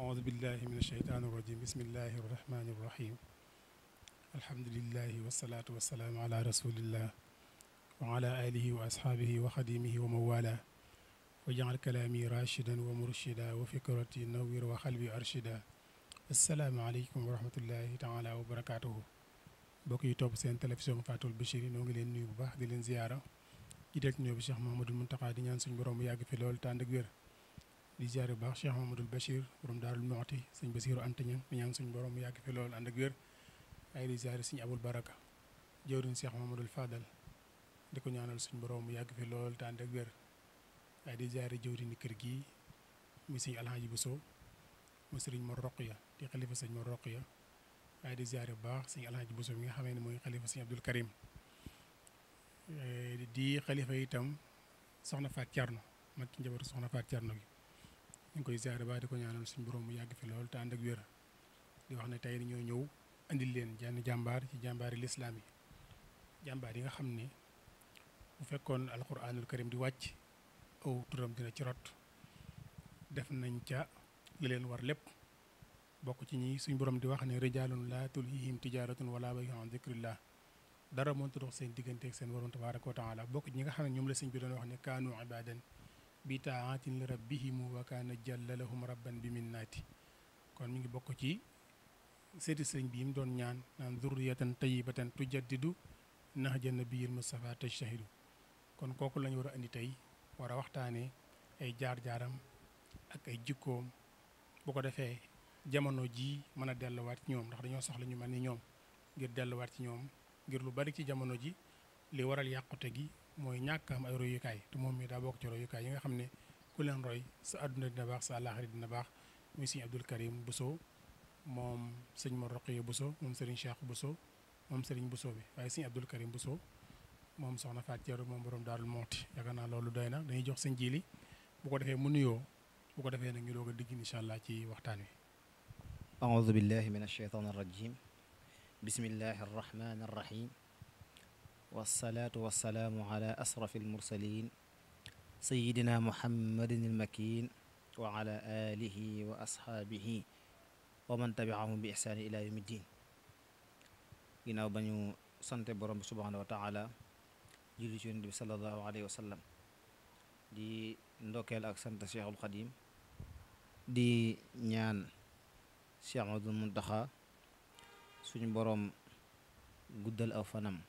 أعوذ بالله من الشيطان الرجيم بسم الله الرحمن الرحيم الحمد لله والصلاة والسلام على رسول الله وعلى آله وأصحابه وخديمه ومن والاه واجعل كلامي راشدا ومرشدا وفكرتي نور وقلبي أرشدا السلام عليكم ورحمة الله تعالى وبركاته mbokk yi topp seen télévision Fatul Bichri noo ngi leen nuyu bu baax di leen ziyaara di dégg ñoo bi Cheikh Mouhamadou Mountakha di ñaan suñu borom mu yàgg fi loolu tànd ak wér di ziare bu baax Cheikh Mamadou Bachir borom Daarul Muxti sëñ Basiru Anta Ñaŋ mi ñaan suñu borom mu yàgg fi ko ñaanal suñu borom mu yàgg fi lool te ànd ak kër gi mu sëñ Alxaaji Buso mu sëriñ Mor Roqiya sëñ Mor Roqiya ay di bu baax sëñ Alxaaji Buso mi nga xamee ne mooy xalifa sëñ Abdul Karim di xalifa itam soxna Faat Cerno mag ci njabootu soxna Faat Cerno ñu ngi koy ziare ba di ko ñaanal suñ borom mu yàgg fi lool te ànd ak wér di wax ne tey ñoo ñëw andil leen jenn jàmbaar ci jàmbaari lislaam yi jàmbaar yi nga xam ne bu fekkoon alquranul karim di wàcc aw turam dina ci rot def nañ ca li leen war lépp bokk ci ñi suñ borom di wax ne rijalun la tulhihim tijaratun wala bayun an dikrillah dara moonta dox seen digganteeg seen borom tabaraka wa taala bokk ci ñi nga xam ne ñoom la sëñ bi wax ne kaanu ibadan bi taatin li rabbihim wa kaana jalla lahum rabban bi minnaati kon mi ngi bokk ci seeti sëriñ bi mu doon ñaan naan zurriyatan tayyibatan tujaddidu nahja nabiyil mustafa tajtahidu kon kooku lañu war a indi tey war a waxtaanee ay jaar-jaaram ak ay jikkoom bu ko defee jamono ji mën a delluwaat ci ñoom ndax dañoo soxla ñu mel ni ñoom ngir delluwaat ci ñoom ngir lu bari ci jamono ji li waral yàqute gi mooy ñàkk am ay royukaay te moom mi daa bokk ci royukaay yi nga xam ne ku leen roy sa àdduna dina baax sa àllaaxira dina baax muy sëñ Abdul Karim Bousso moom sëñ Mor Roqiya Bousso moom sëriñ Cheikh Bousso moom sëriñ Bousso bi waaye sëñ Abdul Karim Bousso moom soxna Faat Jaaro moom borom daarul mooti yaakaar naa loolu doy na dañuy jox sëñ Jili bu ko defee mu nuyoo bu ko defee nag ñu doog a digg incha allah ci waxtaan wi aoudu billahi min alcheytaan arrajim bismillahi arrahmani arrahim wasalaatu wasalaamu ala asrafi almursalin sayidina muhammadin almakin wa ala alihi wa ashaabihi wa man tabiahum bi ihsaani ila yawmi ddin ginnaaw ba sante borom bi subhanahu wa taala julli ci yonent bi salallahu alayhi wa sallam di ndokkeel ak sant cheikhul xadim di ñaan cheikh madul muntaxa suñu borom guddal aw fanam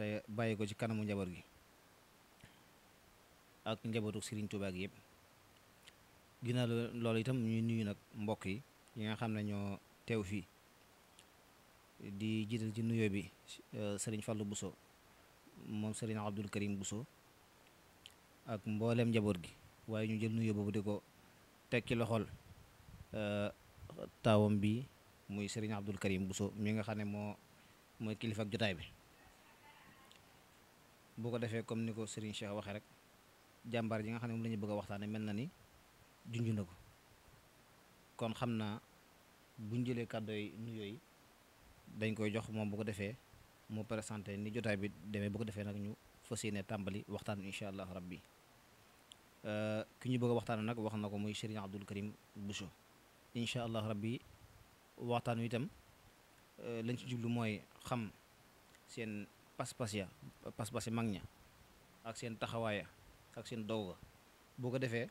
te bàyyi ko ci kanamu njaboot gi ak njabootu sëriñ Touba gi yëpp ginnaaw loolu itam ñuy nuyu nag mbokk yi yi nga xam ne ñoo teew fii di jiital ci nuyo bi euh, Serigne Fallou Bousso moom Serigne Abdoul Karim buso ak mbooleem njaboot gi waaye ñu jël nuyoo boobu di ko teg ci loxol euh, taawam bi muy Serigne Abdoul Karim Bousso mi nga xam ne moo mooy kilifa ak jotaay bi. boo ko defee comme ni ko Serigne Cheikh waxee rek jàmbaar ji nga xam ne moom la ñu bëgg a waxtaane mel na ni junj na ko kon xam naa buñ jëlee kàddu yi nuyoo yi dañ koy jox moom bu ko defee mu présenté ni jotaay bi demee bu ko defee nag ñu fas yéene tàmbali waxtaan incha allah rabbi euh, ki ñu bëgg a waxtaan nag wax na ko muy Serigne Abdoul Karim Bousso incha allah rabbi waxtaan wi tam euh, lañ ci jublu mooy xam seen. pas-pas ya pas-pas yi mag ña ak seen taxawaaya ak seen dow ga boo ko defee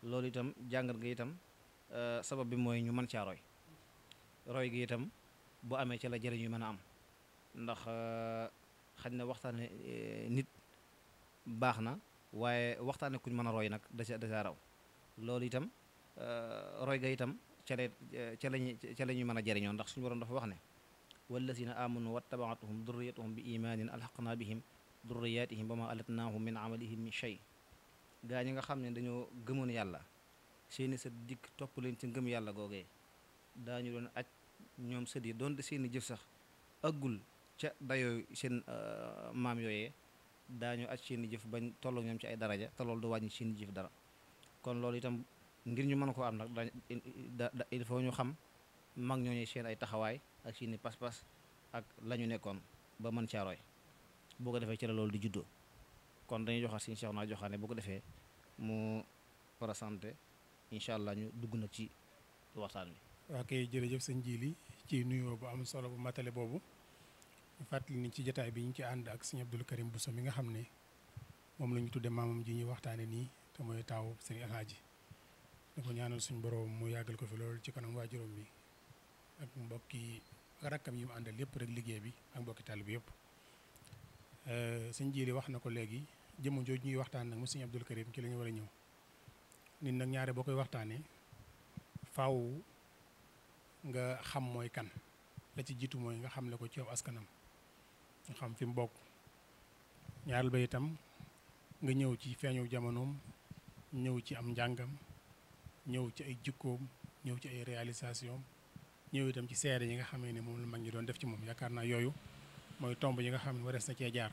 loolu itam jàngat ga itam euh, sabab bi mooy ñu mën caa roy roy gi itam bu amee ca la jëriñ yu mën a am ndax euh, xañ na waxtaane euh, nit baax na waaye waxtaane kuñ mën a roy nag dasa dasa raw loolu itam roy ga itam ca la ca lañu ca la ñu mën a jëriñoo ndax suñu borom dafa wax ne wallazina amanu wattabaatuhum durriyatuhum bi imaanin alxaqna bihim durriyatihim ba ma alatnaahum min amalihim min shay gaa ñi nga xam ne dañoo gëmoon yàlla seeni sa dikk topp leen ci ngëm yàlla googee daañu doon aj ñoom sët yi doon doonte seeni jëf sax ëggul ca dayoo seen euh, maam yooyee ñu aj seeni jëf bañ tolloo ñoom ci ay daraja te loolu du wàññi seeni jëf dara kon loolu itam ngir ñu mën koo am nag da il faut ñu xam mag ñooñu seen ay taxawaay ak seeni pas-pas ak lañu nekkoon ba mën caa roy boo ko defee ci loolu di juddoo kon dañuy joxaat suñu Cheikh naa joxaane boo ko defee mu présenté incha allah ñu dugg nag ci waxtaan bi. ok jërëjëf sëñ Jili ci nuyoo bu am solo bu matale boobu fàttali ni ci jataay bi ñu ci ànd ak sëñ Abdul Karim Bousso mi nga xam ne moom la ñu tuddee maamam ji ñuy waxtaanee nii te mooy taawu sëñ Alaaji di ko ñaanal suñu borom mu yàggal ko fi loolu ci kanam waajuram bi ak yi rakkam yi mu àndal lépp rek liggéey bi ak mbokki taalibe bi yëpp euh, sëñ Jili wax na ko léegi jëmm jooju ñuy waxtaan nag mu sëñ Abdul Karim ci la ñu war a ñëw nit nag ñaare boo koy waxtaanee faaw nga xam mooy kan la ci jiitu mooy nga xam ne ko ci aw askanam nga xam fi mu bokk ñaaral ba itam nga ñëw ci feeñu jamonoom ñëw ci am njàngam ñëw ci ay jikkoom ñëw ci ay réalisation ñëw itam ci seere yi nga xamee ne moom la mag ñi doon def ci moom yaakaar naa yooyu mooy tomb yi nga xam ne warees sa cee jaar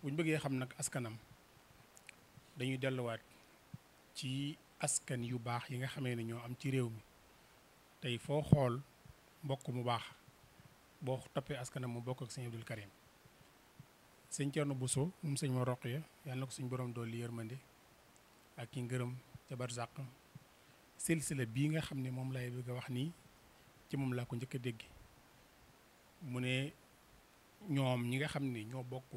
bu ñu bëggee xam nag askanam dañuy delluwaat ci askan yu baax yi nga xamee ne ñoo am ci réew mi tey foo xool mbokk mu baax boo toppee askanam mu bokk ak sëñ Abdul Karim sëñ Thierno Bousso moom sëñ ma roq ya yàlla na ko suñ borom dool li yërmande ak ki ngërëm ca barzaq silsila bii nga xam ne moom lay bëgg a wax nii ci moom laa ko njëkk a dégg mu ne ñoom ñi nga xam ni ñoo bokk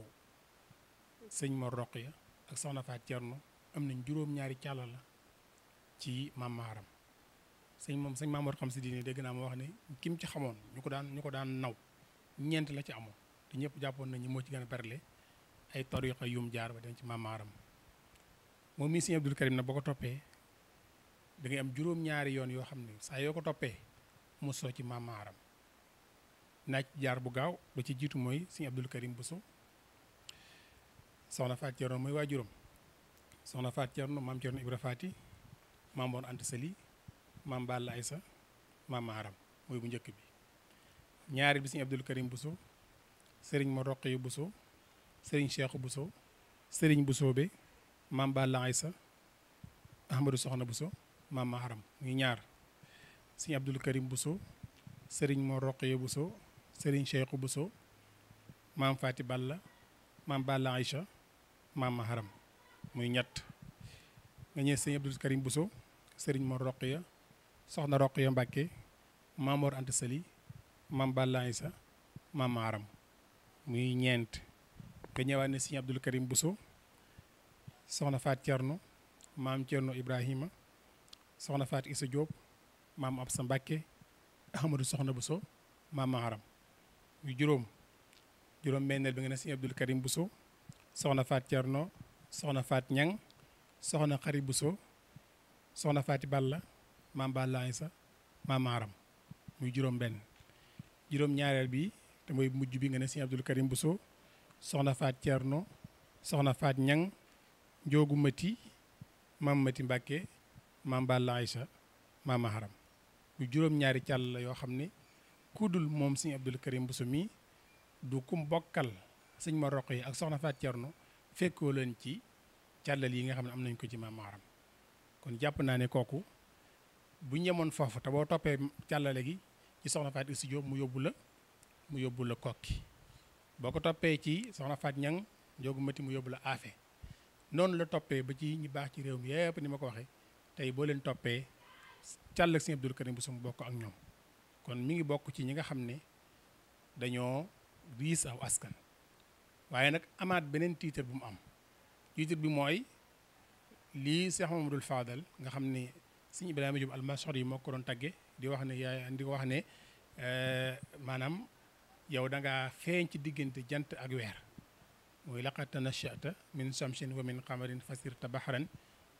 sëñ Mor ya ak soxna cer Cerno am nañ juróom-ñaari càlla la ci mamaaram sëñ moom sëñ Maam Mor xam si diine dégg naa ma ne kim ci xamoon ñu ko daan ñu ko daan naw ñeent la ci amoon te ñëpp jàppoon nañu moo ci gën a berle ay tariqa yum jaar ba ci mamaaram moom mii sëñ Karim na boo ko toppee da am juróom-ñaari yoon yoo xam ne saa yoo ko toppee mosoo ci maam maaram naaj jaar bu gaaw ba ci jiitu mooy sëñ Abdul Karim Bousso soxna Faat Cerno mooy waajuram soxna Faat Cerno maam Cerno Ibra Faati maam Mor Anta Sali maam Balla Aysa maam maaram mooy bu njëkk bi ñaari bi sëñ Abdul Karim Bousso sëriñ ma roq yu Bousso sëriñ Cheikh Bousso sëriñ bu be maam Balla Aysa Ahmadou Soxna Bousso maam maaram muy ñaar sëñ Abdul Karim Bousso sëriñ Mor Roqeye Bousso sëriñ Cheikhu Bousso maam Fati Balla maam Balla Aïcha maam Maharam muy ñett nga ñëw sëñ Abdul Karim Bousso sëriñ Mor soxna Roqeye Mbàkke maam Mor Anta Sali maam Balla ñeent nga ñëwaat ne sëñ Abdul Karim Bousso soxna Faat Cerno maam Cerno Ibrahima soxna Faat Issa Diop maam sa Mbàkke Ahmadou Soxna bu so Maharam juróom juróom benneel bi nga ne sëñ Abdul Karim soxna Faat Cerno soxna Faat Ñang soxna Xari Bousso soxna Faati Balla maam Balla Aysa maam muy juróom benn juróom ñaareel bi te mooy mujj bi nga ne sëñ Abdul Karim Bousso soxna Faat no soxna Faat ñaŋ njoogu mati maam mati Mbàkke maam Balla Aysa maam Maharam yu juróom-ñaari càll la yoo xam ne kuddul moom sëñ Abdul Karim Bousso mi du kum bokkal sëñ ma roq yi ak soxna Faat Cerno fekkoo leen ci càllal yi nga xam ne am nañ ko ci maam Maaram kon jàpp naa ne kooku bu ñemoon foofu te boo toppee càllale gi ci soxna Faat studio mu yóbbu la mu yóbbu la kokki boo ko toppee ci soxna Faat Ñang njoogu mati mu yóbbu la aafe noonu la toppee ba ci ñi baax ci réew mi yëpp ni ma ko waxee tey boo leen toppee càll ak sëñ Abdul Karim bu mu bokk ak ñoom kon mi ngi bokk ci ñi nga xam ne dañoo riis aw askan waaye nag amaat beneen titre bu mu am titre bi mooy lii Cheikh dul Fadal nga xam ne sëñ Ibrahima Diop almasor yi moo ko doon tagge di wax ne yaay di ko wax ne eh, maanaam yow da ngaa feeñ ci diggante jant ak weer mooy laqad tanashata min shamsin wa min qamarin fasirta bahran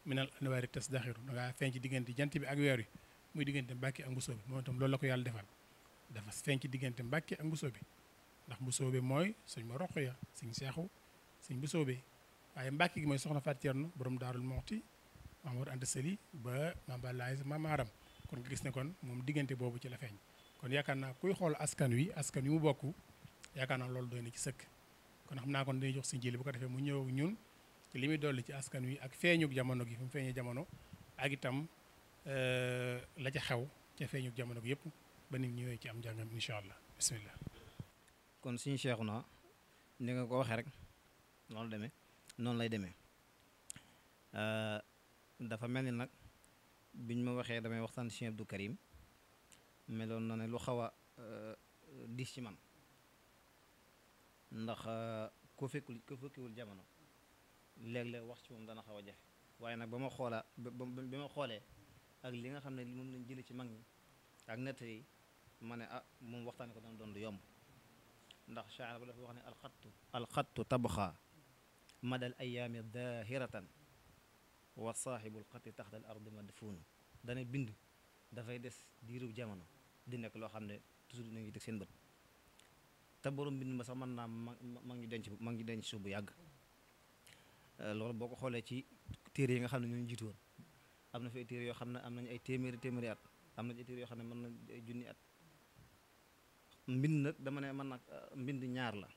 minal anwaari tas daxiru dangaa feeñ ci diggante jant bi ak weer yi muy diggante mbàkke ak mbusoo bi moom itam loolu la ko yàlla defal dafa feeñ ci diggante mbàkke ak mbusoo bi ndax mbusoo bi mooy suñ ma roq ya suñ seexu suñ mbusoo bi waaye mbàkke gi mooy soxna Fatou Thierno borom daarul moxti Mamour Anta Sali ba Mamba Laye ma maaram kon nga gis ne kon moom diggante boobu ci la feeñ kon yaakaar naa kuy xool askan wi askan wi mu bokk yaakaar naa loolu doy na ci sëkk kon xam naa kon dañuy jox si njëli bu ko defee mu ñëw ñun li muy dolli ci askan wi ak feeñu jamono gi fi mu feeñee jamono ak itam euh, la ca xew ca feeñu jamono gi yëpp ba nit ñëwee ci am njàngam incha allah bisimilah. kon suñu Cheikh naa ni nga ko waxee rek loolu demee noonu lay demee euh, dafa mel ni nag biñ ma waxee damay waxtaan Cheikh Abdou Karim meloon na ne lu xaw a euh, diis ci man ndax koo fekkul ku fekkiwul jamono. léeg-léeg wax ci moom dana xaw a jafe waaye nag ba ma xoolaa bi ma xoolee ak li nga xam ne moom lañ jëlee ci mag ak nett yi ma ne ah moom waxtaan ko dana doon di yomb ndax shaar ba dafa wax ne alxattu alxattu tabxa madal ayaami daahiratan wa saaxibul xatti taxta al ardi madfuunu danay bind dafay des diirub jamono di nekk loo xam ne toujours nañu teg seen bët te borom bind ma sax mën naa ma ma ngi denc ma ngi denc suuf bu yàgg Euh, loolu boo ko xoolee ci téere yi nga xam ne ñoo jiitu woon am na fi téere yoo xam ne am nañu ay téeméeri téeméeri am nañu ay téere xam ne mën nañ junni at mbind nag dama ne man nag euh, mbind ñaar la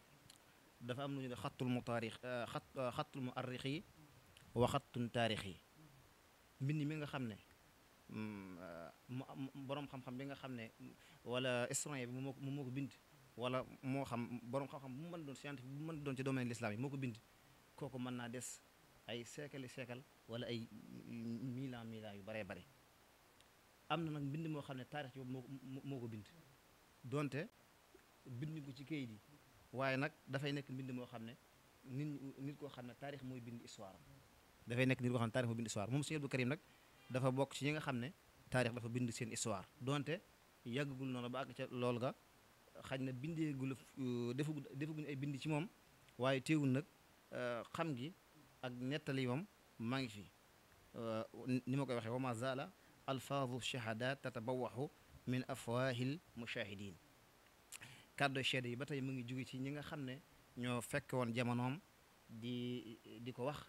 dafa am lu ñu ne xattul mu taarix euh, xat xattul mu arrix yi wa xattun taarix mbind mi nga xam ne mm, mu boroom xam-xam bi nga xam ne wala historien bi moo ko ko bind wala moo xam xam-xam bu mu man doon scientifique bu mu mën doon ci domaine l'islam yi moo ko bind kooku mën naa des ay seekali seekal wala ay mille ans yu baree bare am na nag mbind moo xam ne taarix ci moo ko bind donte bind ko ci kayit yi nag dafay nekk mbind moo xam ne nit nit koo xam ne taarix mooy bind histoire am dafay nekk nit koo xam ne taarix mooy bind histoire moom Sëriñ Abdou Karim nag dafa bokk ci ñi nga xam ne taarix dafa bind seen histoire donte yàggagul noonu ba àgg ca lool ga xaj na bindeegul defagu defaguñu ay bind ci moom waaye teewul nag Euh, xam gi ak nettali yoom maa ngi fi euh, ni ma koy waxee wa ma zaala alfaadu shahadat tatabawaxu min afwaahil mushahidin kàddu seede yi ba tey mu ngi jóge ci ñi nga xam ne ñoo fekk woon jamonoom di di ko wax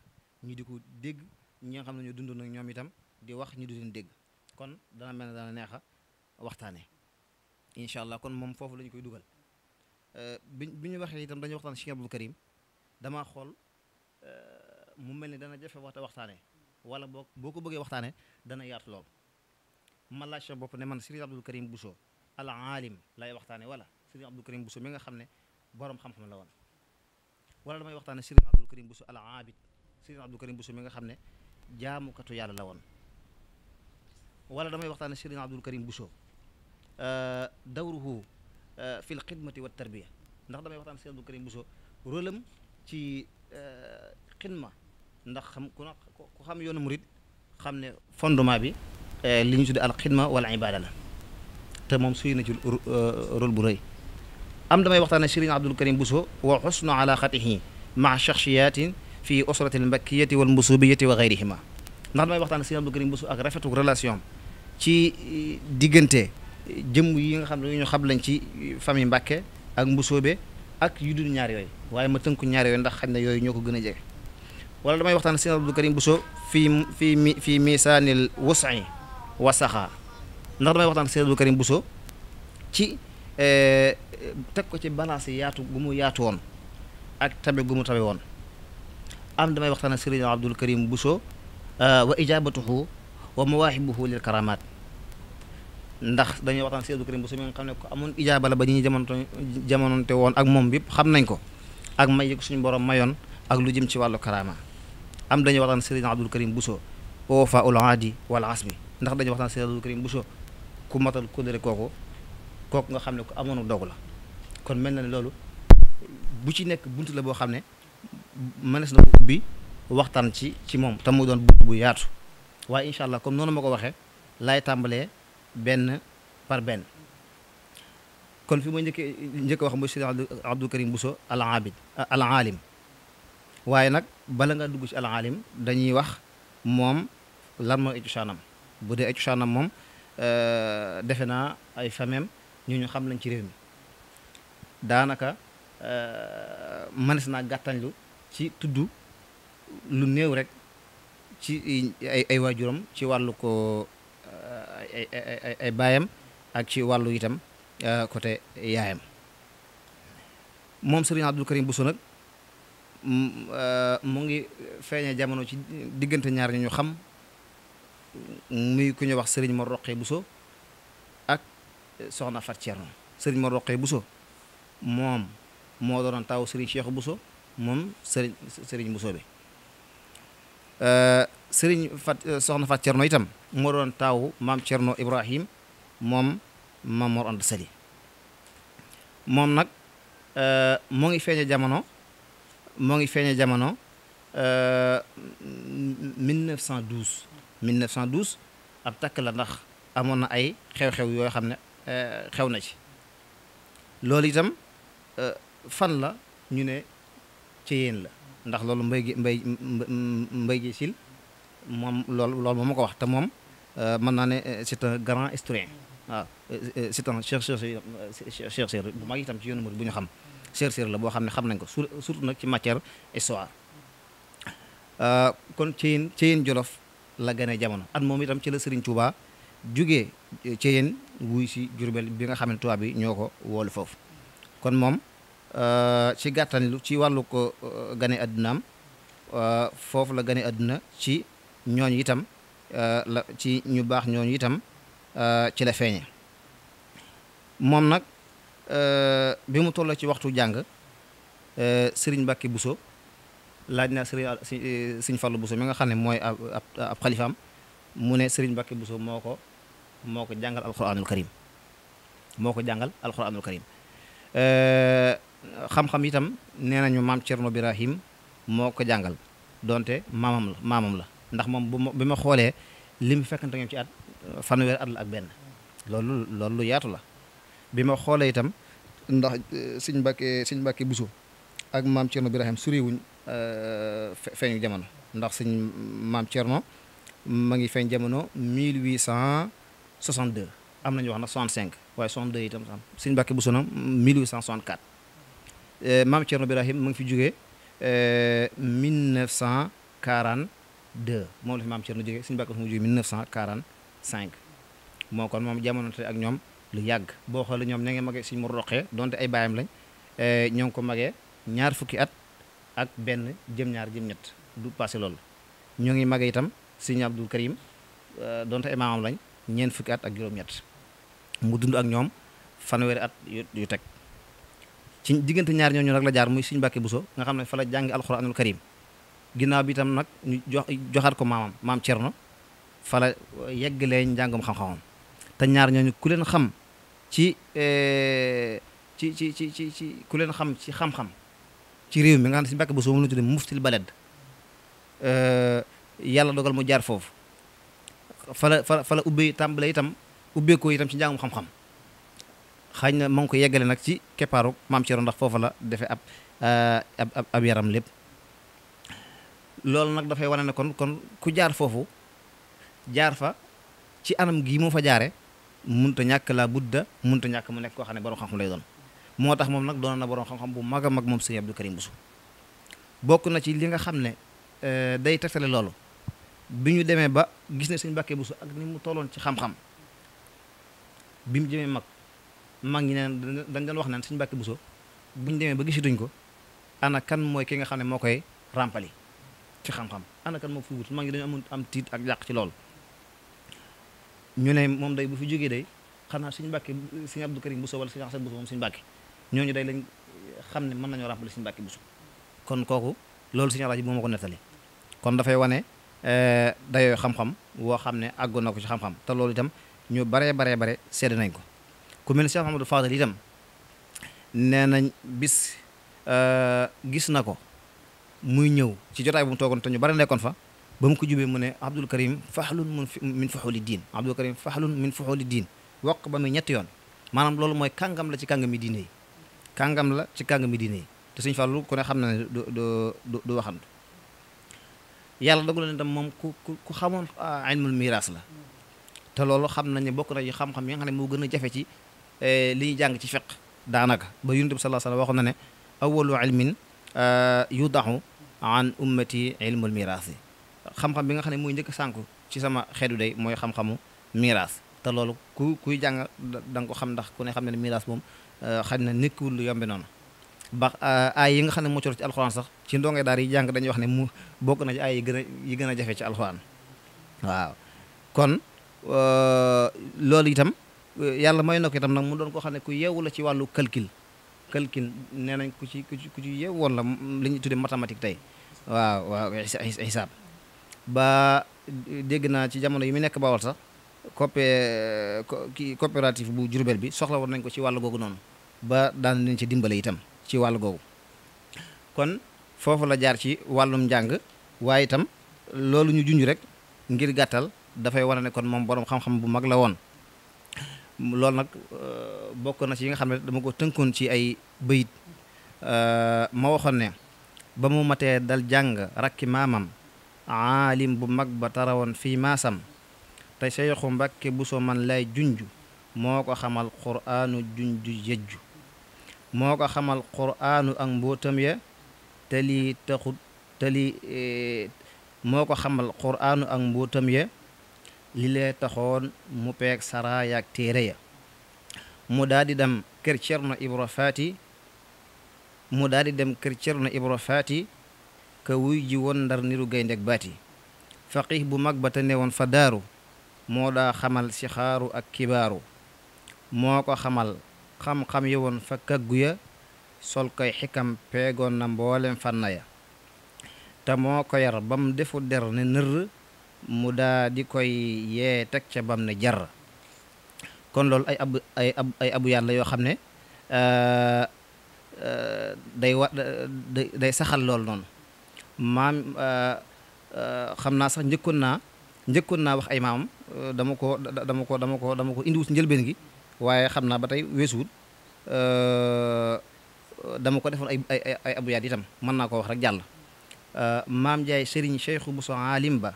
ñu di ko dégg ñi nga xam ne ñoo dund nag ñoom itam di wax ñu di leen dégg kon dana mel ne dana neex a waxtaane incha kon moom foofu la ñu koy dugal euh, bi bi ñu waxee itam dañuy waxtaan Cheikh Abdou Karim dama xool euh, mu mel ni dana jafe waxta waxtaane wala boo boo ko bëggee waxtaane dana yaatu lool ma laaj sama bopp ne man Serigne Abdou Karim Bousso al aalim lay waxtaane wala Serigne Abdou Karim Bousso mi nga xam ne borom xam la woon wala damay waxtaane Serigne Abdou Karim Bousso al aabid Serigne Abdou Karim Bousso mi nga xam ne jaamukatu yàlla la woon wala damay waxtaane Serigne Abdou Karim Bousso euh, dawruhu euh, fi l xidmati wa ndax damay waxtaan Serigne Abdou Karim Bousso rôlam ci euh, xidma ndax xam ku na xam yoonu murid xam ne fondement bi euh, li ñu tudde al xidma wala ibada la te moom suy na ci euh, rôle bu rëy am damay waxtaan ak Serigne Abdul Karim Bousso wa xusnu alaaqatihi maa shaxsiyatin fi usrati al mbakkiyati wal musubiyati wa gayrihima ndax damay waxtaan ak Serigne Abdul Karim Bousso ak rafetu relation ci diggante jëmm yi nga xam ne ñu xam lañ ci famille Mbàkke ak Mbusoobe ak yu dul ñaar yooyu waaye ma tënku ñaar yooyu ndax xaj na yooyu ñoo ko gën a jege wala damay waxtaan sëñ Abdou Karim Bousso fii fii mi fii misaanil wus'i wa saxaa ndax damay waxtaan sëñ Abdou Karim Bousso ci eh, teg ko ci balance yaatu mu yaatu woon ak tabe mu tabe woon am damay eh, wa ijaabatuhu wa mawaahibuhu lil karamaat ndax dañuy waxtaan si Abdou Karim Bousso mi nga xam ne ko amoon ijaaba la ba ñi jamonto jamononte woon ak moom bépp xam nañ ko ak may yëg suñu borom mayoon ak lu jëm ci wàllu karaama am dañuy waxtaan Serigne Abdou Karim Bousso wa wafa ul aadi wal asmi ndax dañuy waxtaan Serigne Abdou Karim Bousso ku matal kóllëre kooku kooku nga xam ne ko amoon dogu la kon mel na ne loolu bu ci nekk bunt la boo xam ne mënees na ubbi waxtaan ci ci moom te mu doon bunt bu yaatu waaye incha allah noonu ma ko waxee laay tàmbalee benn par benn kon fi ma njëkk njëkk wax mooy Sëriñ Abdou Karim Bousso al abid al alim waaye nag bala nga dugg ci al alim dañuy wax moom lan mooy cosaanam bu dee cosaanam moom euh, defe naa ay famem ñu ñu xam lañ ci réew mi daanaka euh, mënees naa gàttañlu ci tudd lu néew rek ci ay waajuram ci wàllu ko ay ay ay baayam ak ci wàllu itam euh, côté yaayam moom Serigne Abdou Karim Bousso nag euh, mu ngi feeñee jamono ci diggante ñaar ñu ñu xam muy ku ñu wax sëriñ Mor Roqee Bousso ak Soxna Fat Thierno sëriñ Mor Roqee Bousso moom moo doonoon taw Serigne Cheikh Bousso moom Serigne Serigne Bousso bi. Euh, sëriñ fat euh, soxna fat cerno itam moo doon taawu maam cerno ibrahim moom maam Mor Anta Sali moom nag euh, moo ngi feeñe jamono moo ngi feeñe jamono 1912 euh, 1912 ab takk la ndax amoon na ay xew-xew yoo xam ne xew na ci loolu itam fan la ñu ne ci la ndax loolu mbay gi mbay mbay gi sil moom lool loolu moom ma ko wax te moom euh, mën naa ne euh, c'est un grand historien waaw euh, c'est un chercheur bu mag itam ci yoonu murid bu ñu xam chercheur la boo xam ne xam nañ ko surtout nag ci matière histoire kon Ceyeen Ceyeen Jolof la gane jamono at moom itam ci la Serigne Touba jugee Ceyeen wuy si Jurbel bi nga xam ne tubaab bi ñoo ko woolu foofu kon moom si gàttan ci wàllu ko gane addunaam foofu la gane adduna ci ñooñu itam euh, la ci ñu baax ñooñu itam euh, ci la feeñe moom nag euh, bi mu toll ci waxtu jàng sëriñ Mbàkke Buso laaj na sëriñ sëriñ Fallu Buso mi nga xam ne mooy ab xalifaam mu ne sëriñ Mbàkke Buso moo ko moo ko jàngal alquranul karim moo ko jàngal alquranul karim xam-xam itam nee nañu maam Cerno Birahim moo ko jàngal donte maamam la maamam la ndax moom bu bi ma xoolee li mu fekkante ñoom ci at fanweer at benn loolu loolu lu la bi ma xoolee itam ndax eh, Sëñ Mbàkke Sëñ Mbàkke Buso ak maam Cerno Birahim suriwuñ eh, feeñu jamono ndax sëñ maam Cerno ngi feeñ jamono 1862 am nañu wax na 65 waaye 62 itam sax sëñ Mbàkke Buso nag 1864 eh, maam Cerno Birahim mu ngi fi jógee 1940 2 moom la fi maam Cerno jógee suñu bàkk mu jógee 1945 moo kon moom jamono jamononte ak ñoom lu yàgg boo xoolee ñoom ña ngi magee suñ mu donte ay baayam lañ eh, ñoo ngi ko magee ñaar fukki at ak benn jëm ñaar jëm ñett du passé loolu ñoo ngi magee itam sëñ Abdul Karim eh, donte ay maamam lañ ñeen fukki at ak juróom-ñett mu dund ak ñoom fanweeri at yu teg ci diggante ñaar ñooñu nag la jaar muy suñu bu Buso nga xam ne fa la jàng alxuraanul karim ginnaaw bi itam nag ñu joxaat ko maamam maam Cerno fa la yeggalee njàngum xam-xamam te ñaar ñooñu ku leen xam ci eh, ci ci ci ci ci ku leen xam ci xam-xam ci réew mi nga xam si Mbàkke Buso moom la ñu tuddee muftil eh, yàlla dogal mu jaar foofu fa fa fa la tàmbale itam ubbeekoo itam ci njàngum xam-xam xañ na moo ko yeggale nag ci keppaaru maam Cerno ndax foofu la defee eh, ab ab ab yaram lépp loolu nag dafay wane na kon kon ku jaar foofu jaar fa ci anam gii moo fa jaare munta ñàkk laa la budda munta ñàkk mu nekk koo xam ne borom xam-xam lay doon moo tax moom nag doon na borom xam bu mag a mag moom sëñ Abdou na ci li nga xam ne euh, day tegtale loolu bi ñu demee ba gis ne sëñ Mbàkke ak ni mu tolloon ci xam bi mu jëmee mag mag ñi neen dañ doon wax naan sëñ Mbàkke Bousso bu demee ba gisituñ ko ana kan mooy ki nga xam ne moo koy ràmpali ci xam-xam ana kan moo fi wut maa ngi dañu amul am tiit ak yàq ci lool ñu ne moom day bu fi jógee day xanaa suñu mbàkke suñu Abdou Karim Bousso wala suñu Xasan Bousso moom suñu ñooñu day lañ xam ne mën nañoo si suñu mbàkke Bousso kon kooku loolu suñu alaaji moo ko ko nettali kon dafay wane eh, dayoo xam-xam woo xam ne àggoon na ko ci xam-xam te loolu itam ñu baree baree bare seede nañ ko ku mel ne Cheikh Mahamadou Fadal itam nee nañ bis eh, gis na ko muy ñëw ci jotaay bu mu toogoon te ñu bari nekkoon fa ba mu ko jubee mu ne Abdul Karim faxlun mun min fuxuli diin Abdul Karim faxlun min fuxuli diin wokk ba muy ñetti yoon maanaam loolu mooy kàngam la ci kàngami diine yi kàngam la ci kàngami diine yi te fa Fallu ku ne xam na ne du du du waxantu yàlla dogal na tam moom ku ku a ah, ilmul miiraas la te loolu xam nañ ne bokk na yu xam-xam xam ne moo gën a jafe ci eh, li ñuy jàng ci fiq daanaka ba Yonent bi waxoon na ne awwalu ilmin ah, yudaxu an ummati ilmul miraas yi xam-xam bi nga xam ne mooy njëkk sànku ci sama xeetu day mooy xam-xamu miraas te loolu ku kuy jàng da ko xam ndax ku ne xam ne miraas moom euh, xaj na nekkiwul lu yombe noonu ba euh, ay yi nga xam ne moo ci ci sax ci ndonge daar yi jàng dañuy wax ne mu bokk na ci ay yi yi gën a jafe ci alxuraan waaw kon euh, loolu itam yàlla may na ko itam nag mu doon ko xam ne ku yeewu la ci wàllu calcul calcul nee nañ ku ci ku ci ku ci yeewu woon la li ñuy tuddee mathématique tey waaw waaw xisaab ba dégg naa ci jamono yi mu nekk Bawol sax coopé ki coopérative bu Jurbel bi soxla woon nañ ko ci wàllu googu noonu ba daan nañ ci dimbale itam ci wàllu googu kon foofu la jaar ci wàllum njàng waaye itam loolu ñu junj rek ngir gàttal dafay wane ne kon moom boroom xam-xam bu mag la woon loolu nag euh, bokk na ci yi nga xam ne dama ko tënkoon ci ay bëyit euh, ma waxoon ne ba mu matee dal jàng rakki maamam aalim bu mag ba tarawoon fii maasam te seyxu mbàkke buso man lay junj moo ko xamal quraanu junj yëjju moo ko xamal quraanu ak mbootam ya te lii e, moo ko xamal quraanu ak mbootam ya li lee taxoon mu peeg saraay ak téere ya mu daal di dem kër Cerno Ibra Faati mu daal di dem kër na Ibra Faati ka wuy ji woon ndar niru gaynde ak baati faqih bu mag ba te woon fa daaru moo daa xamal si xaaru ak kibaaru moo ko xamal xam-xam yi fa kaggu sol koy xikam peegoon na mboolem fànna ya te moo ko yar ba mu defu der ne nërr mu daa di koy yee teg ca bam ne jar kon loolu ay ab ay ab ay yoo xam ne euh, day wa day saxal lool noonu maam euh, euh, xam naa sax njëkkoon naa njëkkoon naa wax ay maamam euh, dama ko dama ko dama ko dama ko indiwut si njëlbeen gi waaye xam naa ba tey weesuwut dama ko defoon ay ay ay abuyaat itam mën naa ko wax rek jàll maam Njaay sëriñ Cheikh Bousso Alim ba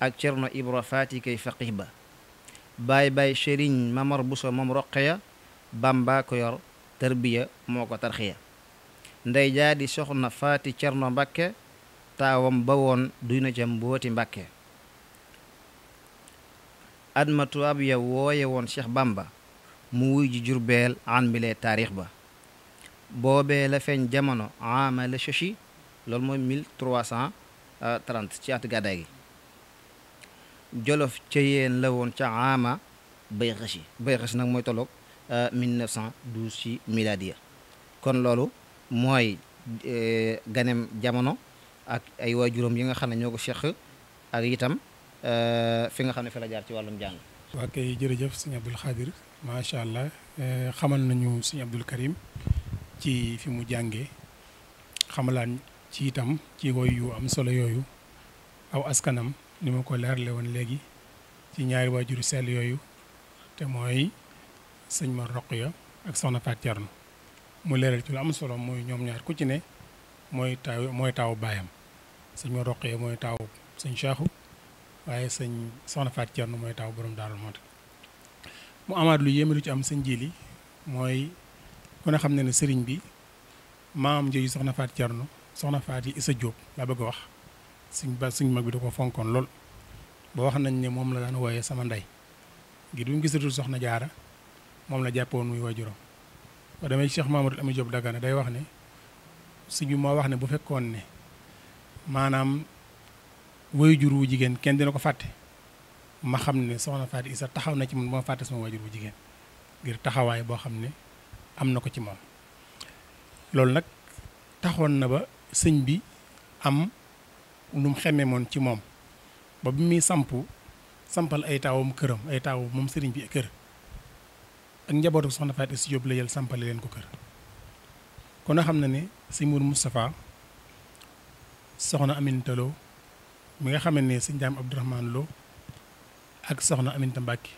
ak Cerno Ibra Faati kay faqih ba baay baay sëriñ Mamar Bousso moom roqeya Bamba ko yor tarbiya moo ko tarxiya ndey jaa di soxna faati cerno mbàkke taawam ba woon duy na ca mbooti mbàkke adma tubaab ya wooye woon Cheikh Bamba mu wuy ji jurbeel an bi ba boobee la feeñ jamono ama la chochi loolu mooy ci at gàddaay gi jolof ca yéen la woon ca ama bay xësi bay xësi nag mooy tolloog 1912 euh, ci miladiya kon loolu mooy euh, ganem jamono ak ay waajuram yi nga xam ne ñoo ko seq ak itam euh, fi nga xam ne fi la jaar ci wàllum jàng. waa kay jërëjëf sëñ Abdul Xaadir macha allah xamal nañu sëñ Abdul Karim ci fi mu jànge xamalaan ci itam ci woy yu am solo yooyu aw askanam ni ma ko leerle woon léegi ci ñaari waajuru seel yooyu te mooy. sëñ ma roq ya ak soxna Faat Cerno mu leeral ci lu am solo mooy ñoom ñaar ku ci ne mooy taaw mooy taawu baayam sëñ ma roq ya mooy taawu sëñ Cheikhou waaye sëñ soxna Faat Cerno mooy taawu borom Daaru Muxti mu amaat lu yéeme ci am sëñ jili mooy ku xam ne ne sëriñ bi maam ji soxna Faat Cerno soxna Faat yi Isa Jóob laa wax suñ ba suñ mag bi da ko fonkoon lool ba nañ ne moom la daan wooyee sama ndey ngir bi mu gisatul soxna jaara moom la jàppe woon muy waajuram ba damay Cheikh Mamadou Ami Diop Dagana day wax ne suñu moo wax ne bu fekkoon ne maanaam waajur wu jigéen kenn dina ko fàtte ma xam ne soxna Fatou Issa taxaw na ci man ba ma fàtte sama waajur jigéen ngir taxawaay boo xam ne am na ko ci moom loolu nag taxoon na ba sëñ bi am lu mu moon ci moom ba muy samp sampal ay taawam këram ay taawam moom sëriñ bi kër ak njabootu soxna Faty Issa Diop la jël sampale leen ko kër kon a xam na ni sëñ Mourou Moustapha soxna Aminta mu nga xam ne sëñ Daam Abdourahmane Lo ak soxna Aminta Mbacke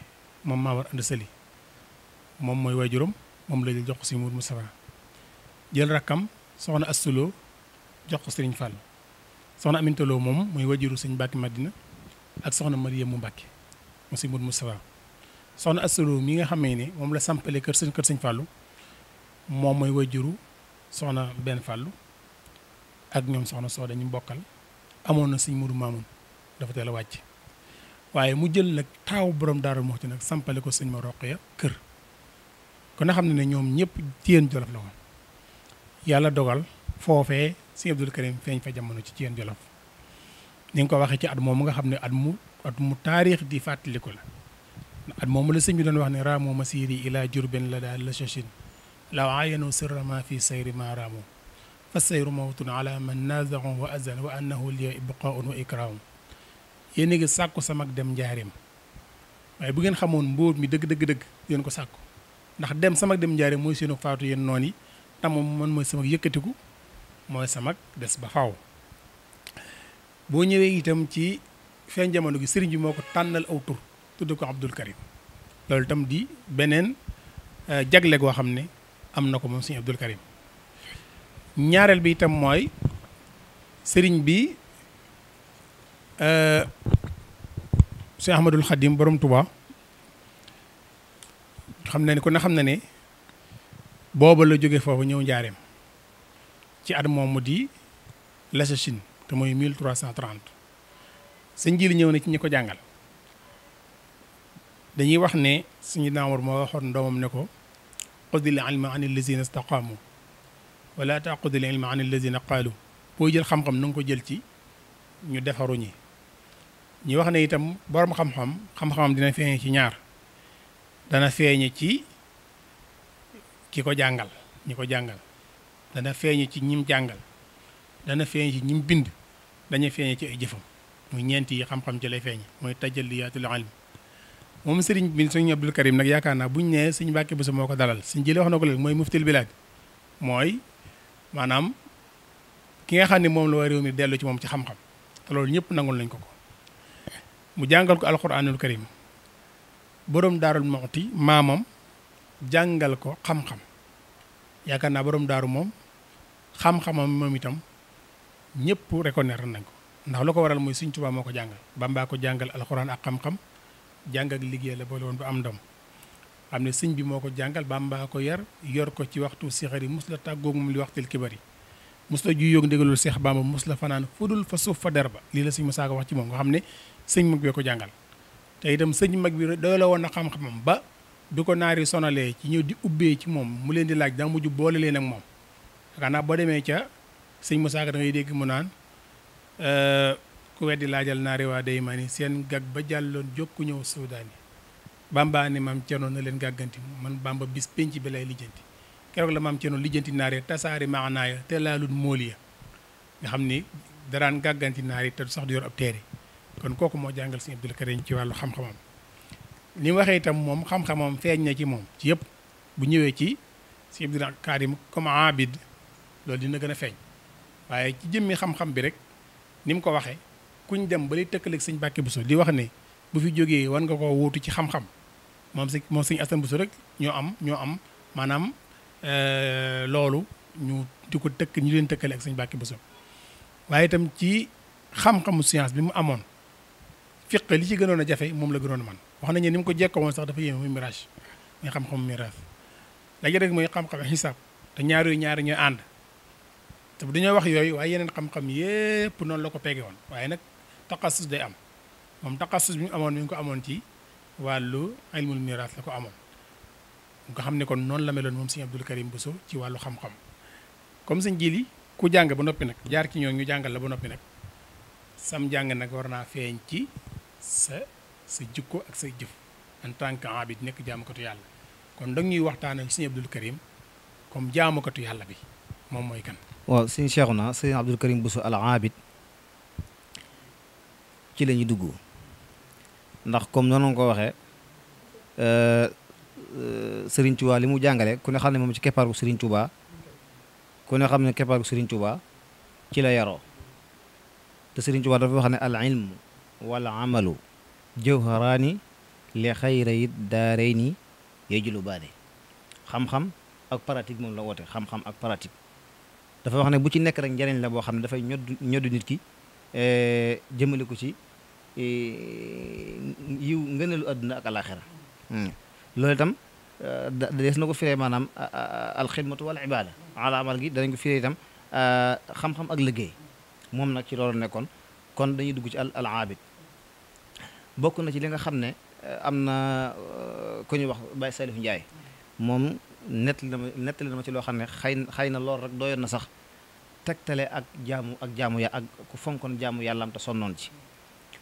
moom maa war ànd sëli moom mooy juróom moom la jël jox ko sëñ Mourou Moustapha jël rakkam soxna Astou jox ko sëriñ Fall soxna Aminta moom mooy waajuru sëñ Mbacke màddina ak soxna Mariam mu Mbacke mu sëñ Mourou Moustapha soxna Asta Lo mi nga xamee ne moom la sampale kër sëñ kër sañ Fàllu moom mooy wajuru soxna benn Fàllu ak ñoom soxna Soda ñu bokkal amoon na sëñ Mudu Maamun dafa teel a wàcc waaye mu jël nag taaw borom Daaru Muxti nag sampale ko sëñ ma ya kër kon na xam ne ne ñoom ñëpp Thiène Jolof la woon yàlla dogal foofee sëñ Abdul Karim feeñ fa jamono ci Thiène Jolof ni nga ko waxee ci at moom mu nga xam ne at mu at mu taarix di fàttaliku la at moomu la sëñ bi doon wax ne raamu masiri ila jurben la daal la chachin law aayanu sirra ma fi sayri ma raamu fa sayru mawtun ala man nazaron wa azan wa annahu liya ibqaun wa ikraam yéen a ngi sàkku sama dem njaareem waaye bu ngeen xamoon mbóot mi dëgg dëgg dëgg ko sàkku ndax dem samak dem njaareem mooy seenu faatu yéen noon yi tam moom man mooy samak yëkkatiku mooy samak des ba faaw boo ñëwee itam ci feeñ jamono gi sëriñ bi moo ko tànnal aw tur tudde ko Abdul Karim loolu tam di beneen euh, jagle goo xam ne am na ko moom sëñ Abdul Karim ñaareel bi itam mooy sëriñ bi sëñ euh, Ahmadul Xadim borom Tuubaa xam na ne ku ne xam na ne booba la jóge foofu ñëw njaareem ci at moomu di l'Assassine te mooy 1330 sëñ ji li ñëw na ci ñu ko jàngal dañuy wax ne suñu naamar moo waxoon doomam ne ko xudil ilma an allazina istaqaamu wala taxudil ilma an allazina qaalu boo jël xam-xam na ko jël ci ñu defaru ñu wax ne itam borom xam-xam xam-xamam dina feeñe ci ñaar dana feeñe ci ki ko jàngal ñi ko jàngal dana feeñe ci ñim jàngal dana feeñe ci ñim bind daña feeñe ci ay jëfam muy ñeent yi xam-xam ci lay feeñe mooy tajaliyaatul ilm moom sëriñ bi sëriñ Abdul Karim nag yaakaar naa buñ nee sëriñ Mbàkke Buso moo ko dalal sëriñ jëlee wax na ko léegi mooy muftil mooy maanaam ki nga xam ne moom la waa réew mi dellu ci moom ci xam loolu ñëpp nangul nañ ko ko mu jàngal ko alxuraanul karim borom daarul moxti maamam jàngal ko xam yaakaar naa borom daaru moom xam-xamam moom itam ñëpp reconnaître nañ ko ndax lu ko waral mooy Sëriñ Tuubaa moo ko jàngal Bàmbaa ko jàngal alxuraan ak xam-xam jàng liggéey la boole woon ba am ndam xam ne sëñ bi moo ko jàngal Bàmba ko yar yor ko ci waxtu sixar yi mos la tàggoog moom li waxtil kibar yi mos la ju yóog ndigalul Seex Bàmba mos la fanaan fudul fa suuf fa der ba lii la sëñ Musaa Ka wax ci moom nga xam ne sëñ mag bi ko jàngal te itam sëñ mag bi doy la woon na xam-xamam ba du ko naari sonalee ci ñëw di ubbee ci moom mu leen di laaj daa mujj boole leen ak moom xanaa boo demee ca sëñ Musaa Ka da ngay dégg mu naan euh, ku weddi laajal naa riwaa day ma ni seen gag ba jàlloon jokku ñëw suudaani bamba ne maam cerno na leen gàgganti man bamba bis pénc bi lay lijjanti keroog la maam cerno lijjanti naari tasaari maanaaya te laalul mool ya nga xam ni daraan gàgganti naari te du sax du yor ab teere kon kooku moo jàngal sëñ Abdul Karim ci wàllu xam li mu itam moom xam-xamam feeñ na ci moom ci yëpp bu ñëwee ci sëñ Abdul Karim comme abid loolu dina gën a feeñ waaye ci jëmmi xam-xam bi rek ni mu ko waxee kuñ dem ba lay tëkkaleeg sëñ bu Buso di wax ne bu fi jógee war nga koo wóotu ci xam-xam moom si moom sëñ Asan Buso rek ñoo am ñoo am maanaam euh, loolu ñu di ko tëkk ñu leen tëkkale ak sëñ Mbàkke Buso waaye itam ci xam-xamu bi mu amoon fiq li ci gënoon a jafe moom la gënoon man wax nañu ni mu ko jekkoo woon sax dafa yéeme muy mirage muy xam-xamu mirage léegi rek mooy xam-xam xisaab te ñaar yooyu ñaari ñooy ànd te dañoo wax yooyu waaye yeneen xam-xam yépp noonu la ko pege woon waaye nag taxasus day am moom taxasus bi ñu amoon mi ngi ko amoon ci wàllu ilmul miraas la ko amoon ko xam ne kon noonu la meloon moom sëñ Abdou Karim Bousso ci wàllu xam-xam comme sëñ jili ku jàng ba noppi nag jaar ci ñoo ñu jàngal la ba noppi nag sam jàng nag war naa feeñ ci sa sa jikko ak say jëf en tant que abid nekk jaamukatu yàlla kon da ñuy waxtaan ak sëñ Abdou Karim comme jaamukatu yàlla bi moom mooy kan waaw sëñ Cheikhouna sëñ Abdou Karim al abid ci la ñuy dugg ndax comme noonu nga ko waxee euh, Serigne Touba li mu jàngale ku ne xam ne moom ci keppaaru Serigne Touba ku ne xam ne keppaaru Serigne ci la yaroo te Serigne Touba dafa wax ne al ilmu wal amalu jawharaani li xayri daarayni yajlubaani xam-xam ak pratique moom la woote xam-xam ak pratique dafa wax ne bu ci nekk la boo xam ne dafay ñoddu ñoddu nit ki euh, jëmale ko ci Eh, yiw ngëneelu àdduna ak alaaxira hmm. loolu itam eh, dees na ko firee maanaam eh, alxidmatu wal ibaada ala amal gi danañ ko firee tam xam-xam ak liggéey moom nag ci loolu nekkoon kon dañuy dugg ci al al aabid bokk na ci li nga xam ne am na ko ñuy wax Baye Salif Ndiaye moom nett li ma na ma ci loo xam ne xëy xëy na lool rek doyoon na sax tegtale ak jaamu ak jaamu ya ak ku fonkoon jaamu yàllaam sonnoon ci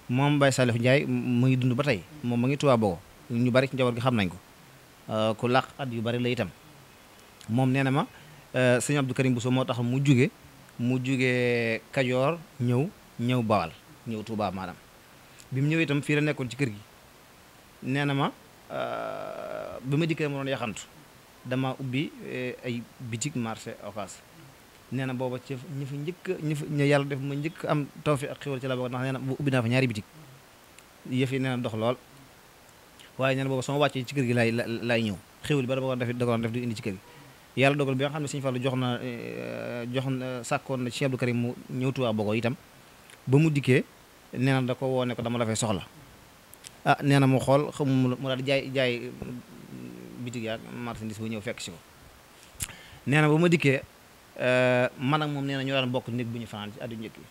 moom Baye Salif Ndiaye mu ngi dund ba tey moom mu ngi Tuubaa Bogo ñu bari ci njaboot gi xam nañ ko euh, ku laq at yu bari lay itam moom nee na ma euh, sëñ Abdou Karim Bousso moo tax mu juge mu jugee Kajoor ñëw ñëw Bawal ñëw Tuubaa maanaam bi mu ñëw itam fii la nekkoon ci kër gi nee na ma euh, ba ma dikkee ma doon yaxantu dama ubbi ay bitig marché Ocass nee na booba ci ñi fa njëkk ñi fa ñu yàlla def ma njëkk am tawfiq ak xéwal ci la bokk ndax nee na ubbi naa fa ñaari bitik yëf yi nee lool waaye na booba sama wàccee ci kër gi laay laay ñëw xéwal ba da ko def da ko def di indi ci kër gi yàlla dogal bi xam ne Sëñ Fallu jox na eh, jox na sàkkoon na Cheikh mu ñëw Tuubaa Bogo itam ba mu dikkee nee na da ko woo dama la fay soxla ah nee na mu xool xamul mu daal di jaay jaay mm, bitig yaag marchandise bu fekk si ko nee ba ma dikkee Euh, man ak moom nee na ñoo daan bokk néeg bu ñu fanaan ci addu njëkk yi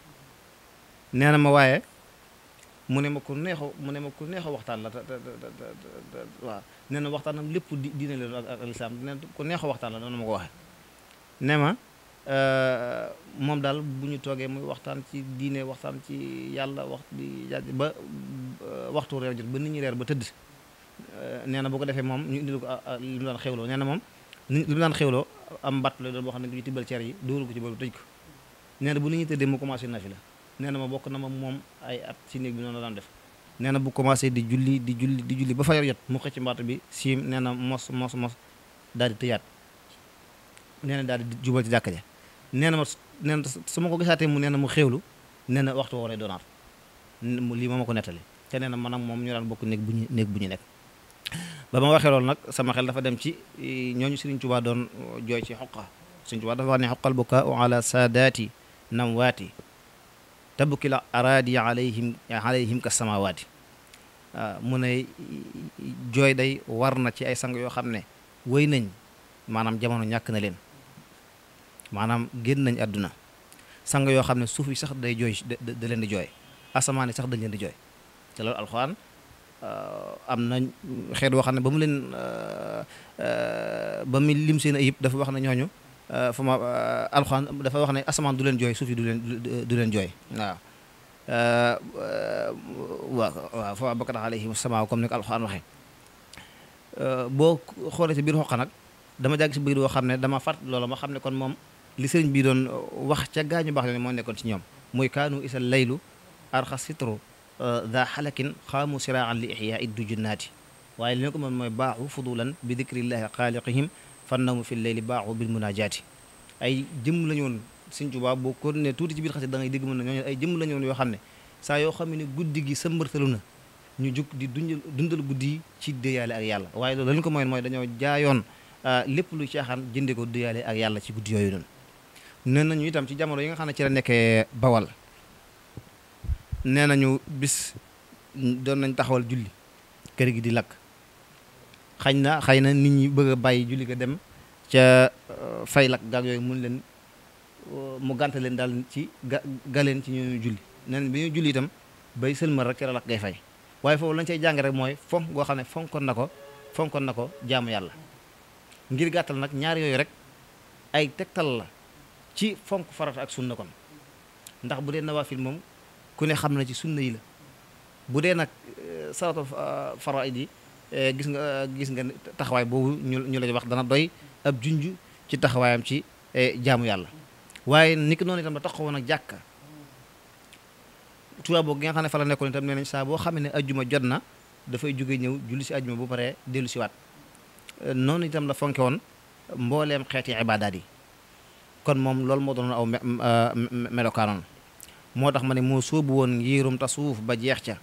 nee na ma waaye mu ne ma ku neex mu ne ma ku neex waxtaan la te waaw nee na waxtaanam lépp di diine la ak ak lislaam nee na ku waxtaan la noonu ma ko waxee ne ma euh, moom daal bu ñu toogee muy waxtaan ci diine waxtaan ci yàlla wax di waxtu reer jot ba nit ñi reer ba tëdd euh, nee na bu ko defee moom ñu indil ko mu daan xewloo nee na moom ni lu naan xewloo am mbatt la doon boo xam ne dañuy tibbal cer yi dóoru ko ci boobu tëj ko nee na bu ni ñuy tëddee mu commencé nafila nee na ma bokk na ma moom ay at ci néeg bi noonu la daan def nee na bu commencé di julli di julli di julli ba fajar jot mu ci mbatt bi siim nee na mos mos mos daal di tëjaat nee na daal di jubal ci jàkka ja nee na ma nee na su ma ko gisaatee mu nee na mu xewlu nee na waxtu woo lay doonaat lii ma ma ko nettali nee na man ak moom ñu bokk néeg bu ñu néeg bu ñu nekk ba ma waxee loolu nag sama xel dafa dem ci e, ñooñu Sëriñ Tuubaa doon uh, jooy ci xoqa Sëriñ Tuubaa dafa wax ne xoqal bukaa u ala saadaati namwaati tabki la araadi alayhim alayhim ka samawaati uh, mu ne jooy day war na ci ay sang yoo xam ne wéy nañ maanaam jamono ñàkk na leen maanaam génn nañ àdduna sang yoo xam ne suuf sax day jooy da leen di jooy asamaan sax dañ leen di jooy te loolu alxuraan Euh, am na xeet woo xam ne ba mu leen euh, euh, ba mu lim seen ayib dafa wax ne ñooñu fu ma alxuraan dafa wax ne asamaan du leen jooy suuf yi du leen du leen jooy waaw waaw waaw fa bakat alayhim samaa comme ni ko alxuraan boo xoolee ci biir xoq nag dama jàgg ci biir woo xam ne dama fàtt loola ma xam ne kon moom li sëriñ bii doon wax ca gaañu baax ne moo nekkoon ci ñoom muy kaanu isal laylu arxa sitru da xalakin xaamu siraan li ixyaa iddu junnaati waaye li ñu ko mën mooy baaxu fudulan bi dicrillahi xaaliqihim fannamu fi leyli baaxu bil munaajaati ay jëmm la ñu woon Sëñ ko ne tuuti ci biir xasit da ngay dégg mën na ñooñu ay jëmm la ñu woon yoo xam ne saa yoo xam ne guddi gi sëmbartalu na ñu jug di dundal dundal guddi yi ci déyaale ak yàlla waaye loolu jaayoon lépp lu caaxaan jëndee ko déyaale ak yàlla ci guddi yooyu noonu nee nañu itam ci jamono yi nga xam ne ci la nekkee bawal nee nañu bis doon nañ taxawal julli kër gi di lakk xañ na xëy na nit ñi bëgg a bàyyi julli ga dem ca euh, fay lakk gaag yooyu mun leen euh, mu gànta leen daal ci ga galeen ci ñooñu julli nee bi ñuy julli itam bay sëlmal rek kër lakk ngay fay waaye foofu lañ cay jàng rek mooy fonk goo xam ne fonkoon na ko fonkoon na ko jaamu yàlla ngir gàttal nag ñaar yooyu rek ay tegtal la ci fonk farata ak kon ndax bu dee nawaafil moom ku ne xam na ci sunna yi la bu dee nag eh, salatul eh, faraid yi eh, gis nga gis nga taxawaay boobu ñu ñu la wax dana doy ab junj ci taxawaayam ci jaamu yàlla waaye ni ki noonu itam la taxawoon ak jàkka tubaab ne fa nekkoon itam saa boo xamee ne ajjuma jot na dafay jóge ñëw julli si ajjuma bu paree dellu si waat noonu la fonke woon mbooleem xeeti ibaadaat moom loolu moo doon aw moo tax ma ne moo sóobu woon ngirum tasuuf ba jeex ca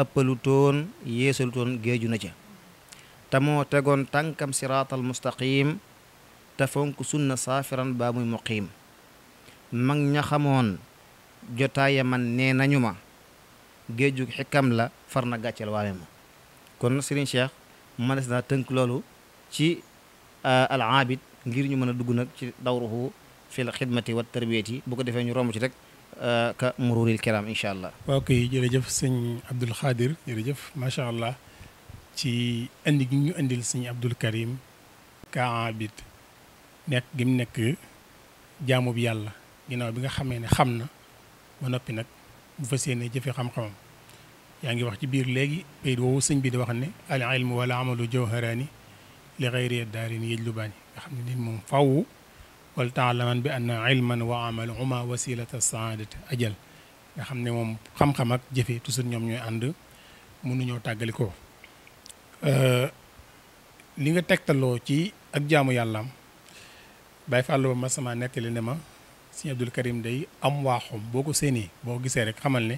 ëppalu toon yéesalu toon géeju na ca te moo tegoon tànkam siraatal mustaqim te fonk sunna saafiran baa muy muqiim mag ña xamoon jotaaya man nee nañu ma géeju xikam la far na gàcceel waame ma kon Serigne Cheikh mënees naa tënk loolu ci euh, al aabid ngir ñu mën a dugg nag ci dawruhu fil xidmati wa tarbiyati bu ko defee ñu romb ci rek Euh, ka mururil kiram incha allah. waaw kay jërëjëf sëñ Abdul Khadir macha allah ci indi gi ñu indil sëñ Abdul Karim Ka abid nekk gi nekk jaamu yàlla ginnaaw bi nga xamee ne xam na ba noppi nag bu fas yéene jëfe xam-xamam. yaa ngi wax ci biir léegi bayit woowu sëñ bi di wax ne al ilmu wala amalu jawharani li xayri daarin yëj lubaani nga xam ne ni moom faaw. wal taalaman bi anna ilman wa amal uma wasilata saadat ajal nga xam ne moom xam-xam ak jëfe toujours ñoom ñooy ànd mënuñoo tàggali ko euh, li nga tegtaloo ci ak jaamu yàllaam Baye Fallou ba ma sama nettali ne ma sëñ Abdul Karim day am waaxoom boo ko séenee boo gisee rek xamal ne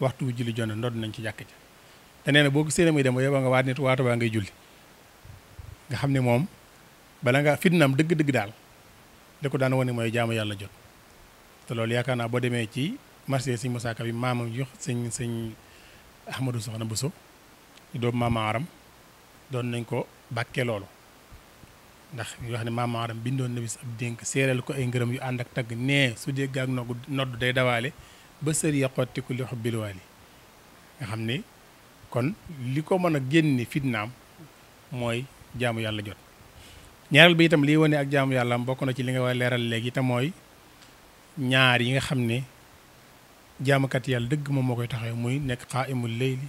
waxtu wu julli jonn ndodd nañ ci jàkk ja te nee boo ko séenee muy dem ba yow nga waat nit waatu baa ngay julli nga xam ne moom bala nga fitnaam dëgg-dëgg daal li ko daan wane mooy jaamu yàlla jot te loolu yaakaar naa boo demee ci marché sëñ Moussa Ka bi maamam jox sañ sëñ Ahmadou Soxna Bousso doomu maama Aram doon nañ ko bàkkee loolu ndax ñu wax ne maama Aram bindoon na bis ab dénk séeral ko ay ngërëm yu ànd ak tagg nee su dégg ak nodd day dawaale ba sër ya xottiku li xob biluwaali nga xam ne kon li ko mën a génne fitnaam mooy jaamu yàlla jot ñaareel bi itam liy wane ak jaamu yàlla bokk na ci li nga war a leeral léegi te mooy ñaar yi nga xam ne jaamukat yàlla dëgg ma moo koy taxaw muy nekk qaa'imul layli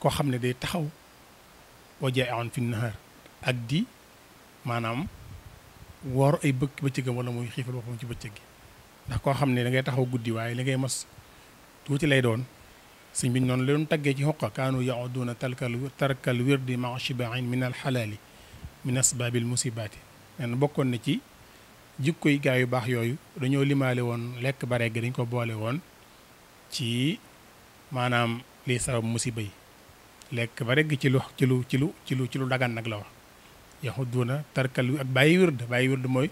koo xam ne day taxaw wa jaa'i'un fi nahaar ak di maanaam woor ay bëkk bëccëgam wala muy xiifal boppam ci bëccëg gi ndax koo xam ne da ngay taxaw guddi waaye li ngay mos tuuti lay doon sëñ bi noonu la doon taggee ci xoqa kaanu ya'uduuna tarkal tarkal wirdi ma'a shibaain min al xalaali min asbaabil musibaati nee na bokkoon na ci jikko yi gaa yu baax yooyu dañoo limaale woon lekk ba regg dañ ko boole woon ci maanaam liy sabab musiba yi lekk ba regg ci lu ci lu ci lu ci lu ci lu dagan nag la wax na tarkal ak bàyyi wird bàyyi wird mooy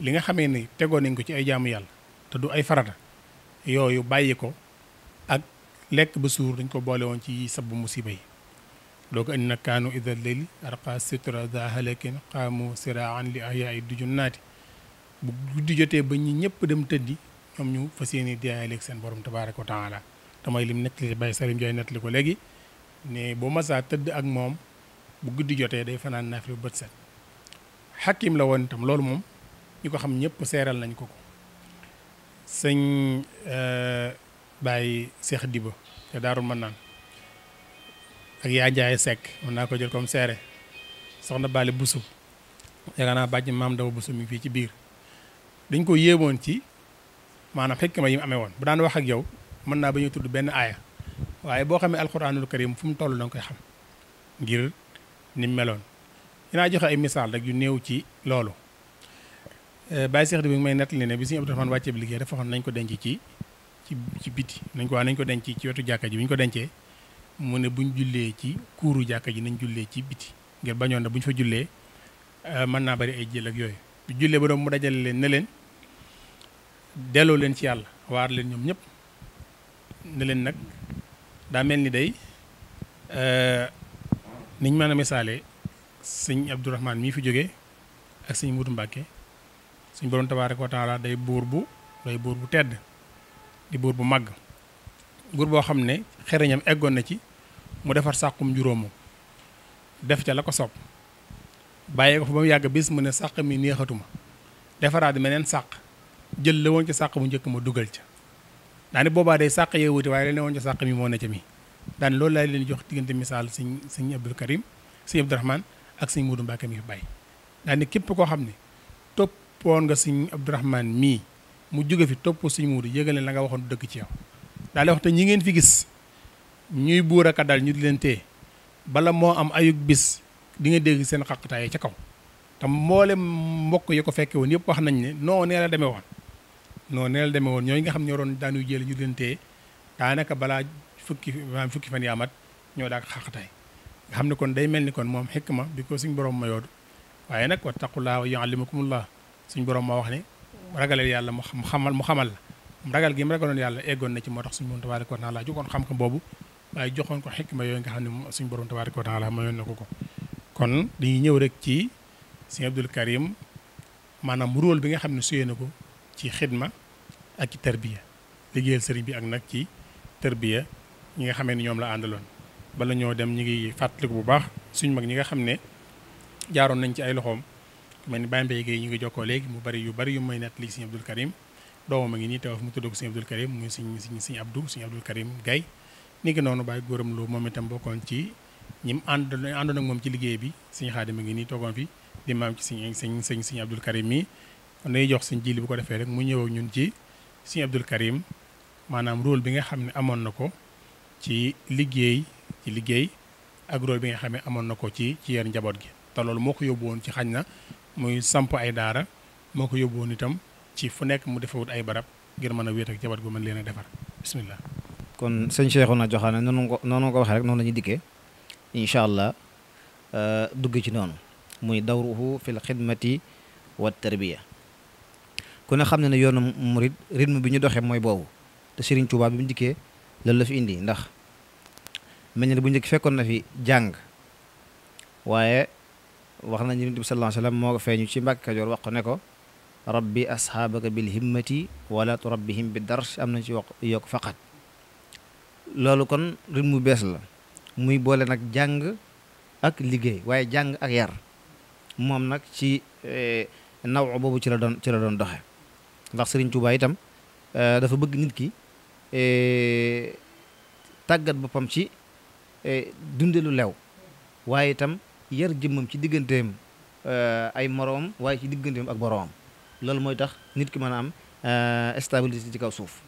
li nga xamee ni tegoon nañ ko ci ay jaamu yàlla te du ay farata yooyu bàyyi ko ak lekk ba suur dañ ko boole woon ci sabu musiba yi loo ko andi nag kaanu idal leli arqa sitra da halakin qaamu siraan li ahyaai dujun naati bu guddi jotee ba ñi ñëpp dem tëddi ñoom ñu fas yéene diyaayaleeg seen borom tabaaraka wa taala damay lim nettali Baye Salim Ndiaye nettali ko léegi ne boo masaa tëdd ak moom bu guddi jotee day fanaan naafila bët set xakim la woon tam loolu moom ñu ko xam ñëpp seeral nañ ko ko sëñ euh, Baye Cheikh Diba te daarul mën naan ak yaa jaay sekk mën naa ko jël comme seere soxna Bale Busu yaakaar naa bàjj maam dama Busu mi fii ci biir dañ ko yéemoon ci maanaam xekk ma yi mu amee woon bu daan wax ak yow mën naa ba ñu tudd benn aaya waaye boo xamee alxuraanul karim fu mu toll da koy xam ngir ni mu meloon. dinaa joxe ay misaal rek yu néew ci loolu eh, Baye Cheikh bi ngi may nettali ne bi suñu Abdourahmane wàccee bi liggéey dafa xam nañ ko denc ci ci ci biti nañ ko waa nañ ko denc ci wetu jàkka ji bi ko dencee. mu ne buñ jullee ci kuuru jàkka ji nañ jullee ci biti ngir bañoon na bu ñu fa jullee euh, mën naa bari ay jël ak yooyu bu jullee ba doom mu dajale leen na leen delloo leen ci yàlla waar leen ñoom ñëpp ne leen nag daa mel ni day euh, niñ mën a misaale sëñ Abdourahman mii fi jógee ak sëñ Mutu Mbàkke suñ borom tabaaraka wa taala day buur bu day buur bu tedd di buur bu màgg buur boo xam ne xereñam eggoon na ci mu defar sàqum juróomu def ca la ko soob bàyyi ko fa ba mu yàgg bis mu ne sàq mi neexatuma defaraat meneen sàq jël la woon ci sàq mu njëkk ma dugal ca daane boobaa dey sàq yee wuti waaye la ne woon sàq mi moo ne ca mi daane loolu laa leen jox diggante misaal sëñ sëñ Abdul Karim sëñ Abdourahman ak sëñ Muudu Mbàkke mi fi bàyyi daane képp koo xam ne toppoon nga sëñ Abdourahman mii mu jóge fi topp sëñ Muudu yëgal ne la nga waxoon dëgg ci yow daal wax te ñi ngeen fi gis ñuy buur aka dal ñu di leen téye bala moo am ayug bis di nga dégg seen xaqtaay ca kaw te mboolem mbokk yi ko fekke woon yëpp wax nañ ne non nee la demee woon non nee la woon ñooñu nga xam ñoo daa daanuy jël ñu di leen téye daanaka balaa fukki fukki fan yaamat ñoo daak xaqtaay nga xam ne kon day mel ni kon moom xikma bi ko suñ borom ma yoodu waaye nag wattaqullah wa la suñ borom ma wax ne ragaleel yàlla mu xamal mu xamal ragal gi mu ragaloon yàlla eggoon na ci moo tax suñu borom tabaaraka wa taala joxoon xam-xam boobu waaye joxoon ko xikma yooyu nga xam ne suñu borom tabaaraka wa taala mayoon na ko ko kon dañuy ñëw rek ci sëñ Abdul Karim maanaam rôle bi nga xam ne suyee na ko ci xidma ak ci tarbiya liggéeyal sëriñ bi ak nag ci tarbiya ñi nga xamee ne ñoom la àndaloon bala ñoo dem ñi ngi fàttaliku bu baax suñ mag ñi nga xam ne jaaroon nañ ci ay loxoom mel ni Baye ñu ngi jokkoo léegi mu bari yu bari yu may nett li sëñ Abdul Karim doomam a ngi nii teew mu tudd ko sëñ Abdul Karim muy sëñ sëñ sëñ Abdou sëñ Abdul Karim Gaye ni ngi noonu bàyyi góoram loo moom itam bokkoon ci ñi mu ànd àndoon moom ci liggéey bi sëñ Xaadim a ngi nii toogoon fi di maam ci sëñ sëñ sëñ sëñ Abdul Karim mi jox sëñ jili bu ko defee rek mu ñëw ñun ci sëñ Abdul Karim maanaam rôle bi nga xam ne amoon na ko ci liggéey ci liggéey ak rôle bi nga xam ne amoon na ko ci ci yar njaboot gi te loolu moo ko yóbbu woon ci xañ na muy samp ay daara moo ko yóbbu woon itam ci fu nekk mu defewut ay barab ngir mën a wéet ak jabar gu man leen a defar bisimilah. kon sëñ na Diokhané noonu ko noonu ko waxee rek noonu la ñuy dikkee incha allah euh, dugg ci noonu muy dawruhu fil xidmati wa tarbiya ku ne xam ne ne yoonu murid rythme bi ñu doxee mooy boobu te Serigne Touba bi mu dikkee loolu la fi indi ndax mel ne bu njëkk fekkoon na fi jàng waaye wax na Nabi sallallahu alayhi wa moo ko feeñu ci Mbàkke Kajoor wax ko ne ko. rabbi asxaabaka bil himmati wala turabbihim bi darch am nañ ci wax yokk faqat loolu kon rythme mu bees la muy boole nag jàng ak liggéey waaye jàng ak yar moom nag ci eh, naw boobu ci la doon ci la doon doxe ndax Sëriñ Tuubaa itam eh, dafa bëgg nit ki eh, tàggat boppam ci dunde lew waaye itam yar jëmmam ci digganteem ay moroom waaye ci digganteem ak boromam loolu mooy tax nit ki mën a am euh, stabilité ci kaw suuf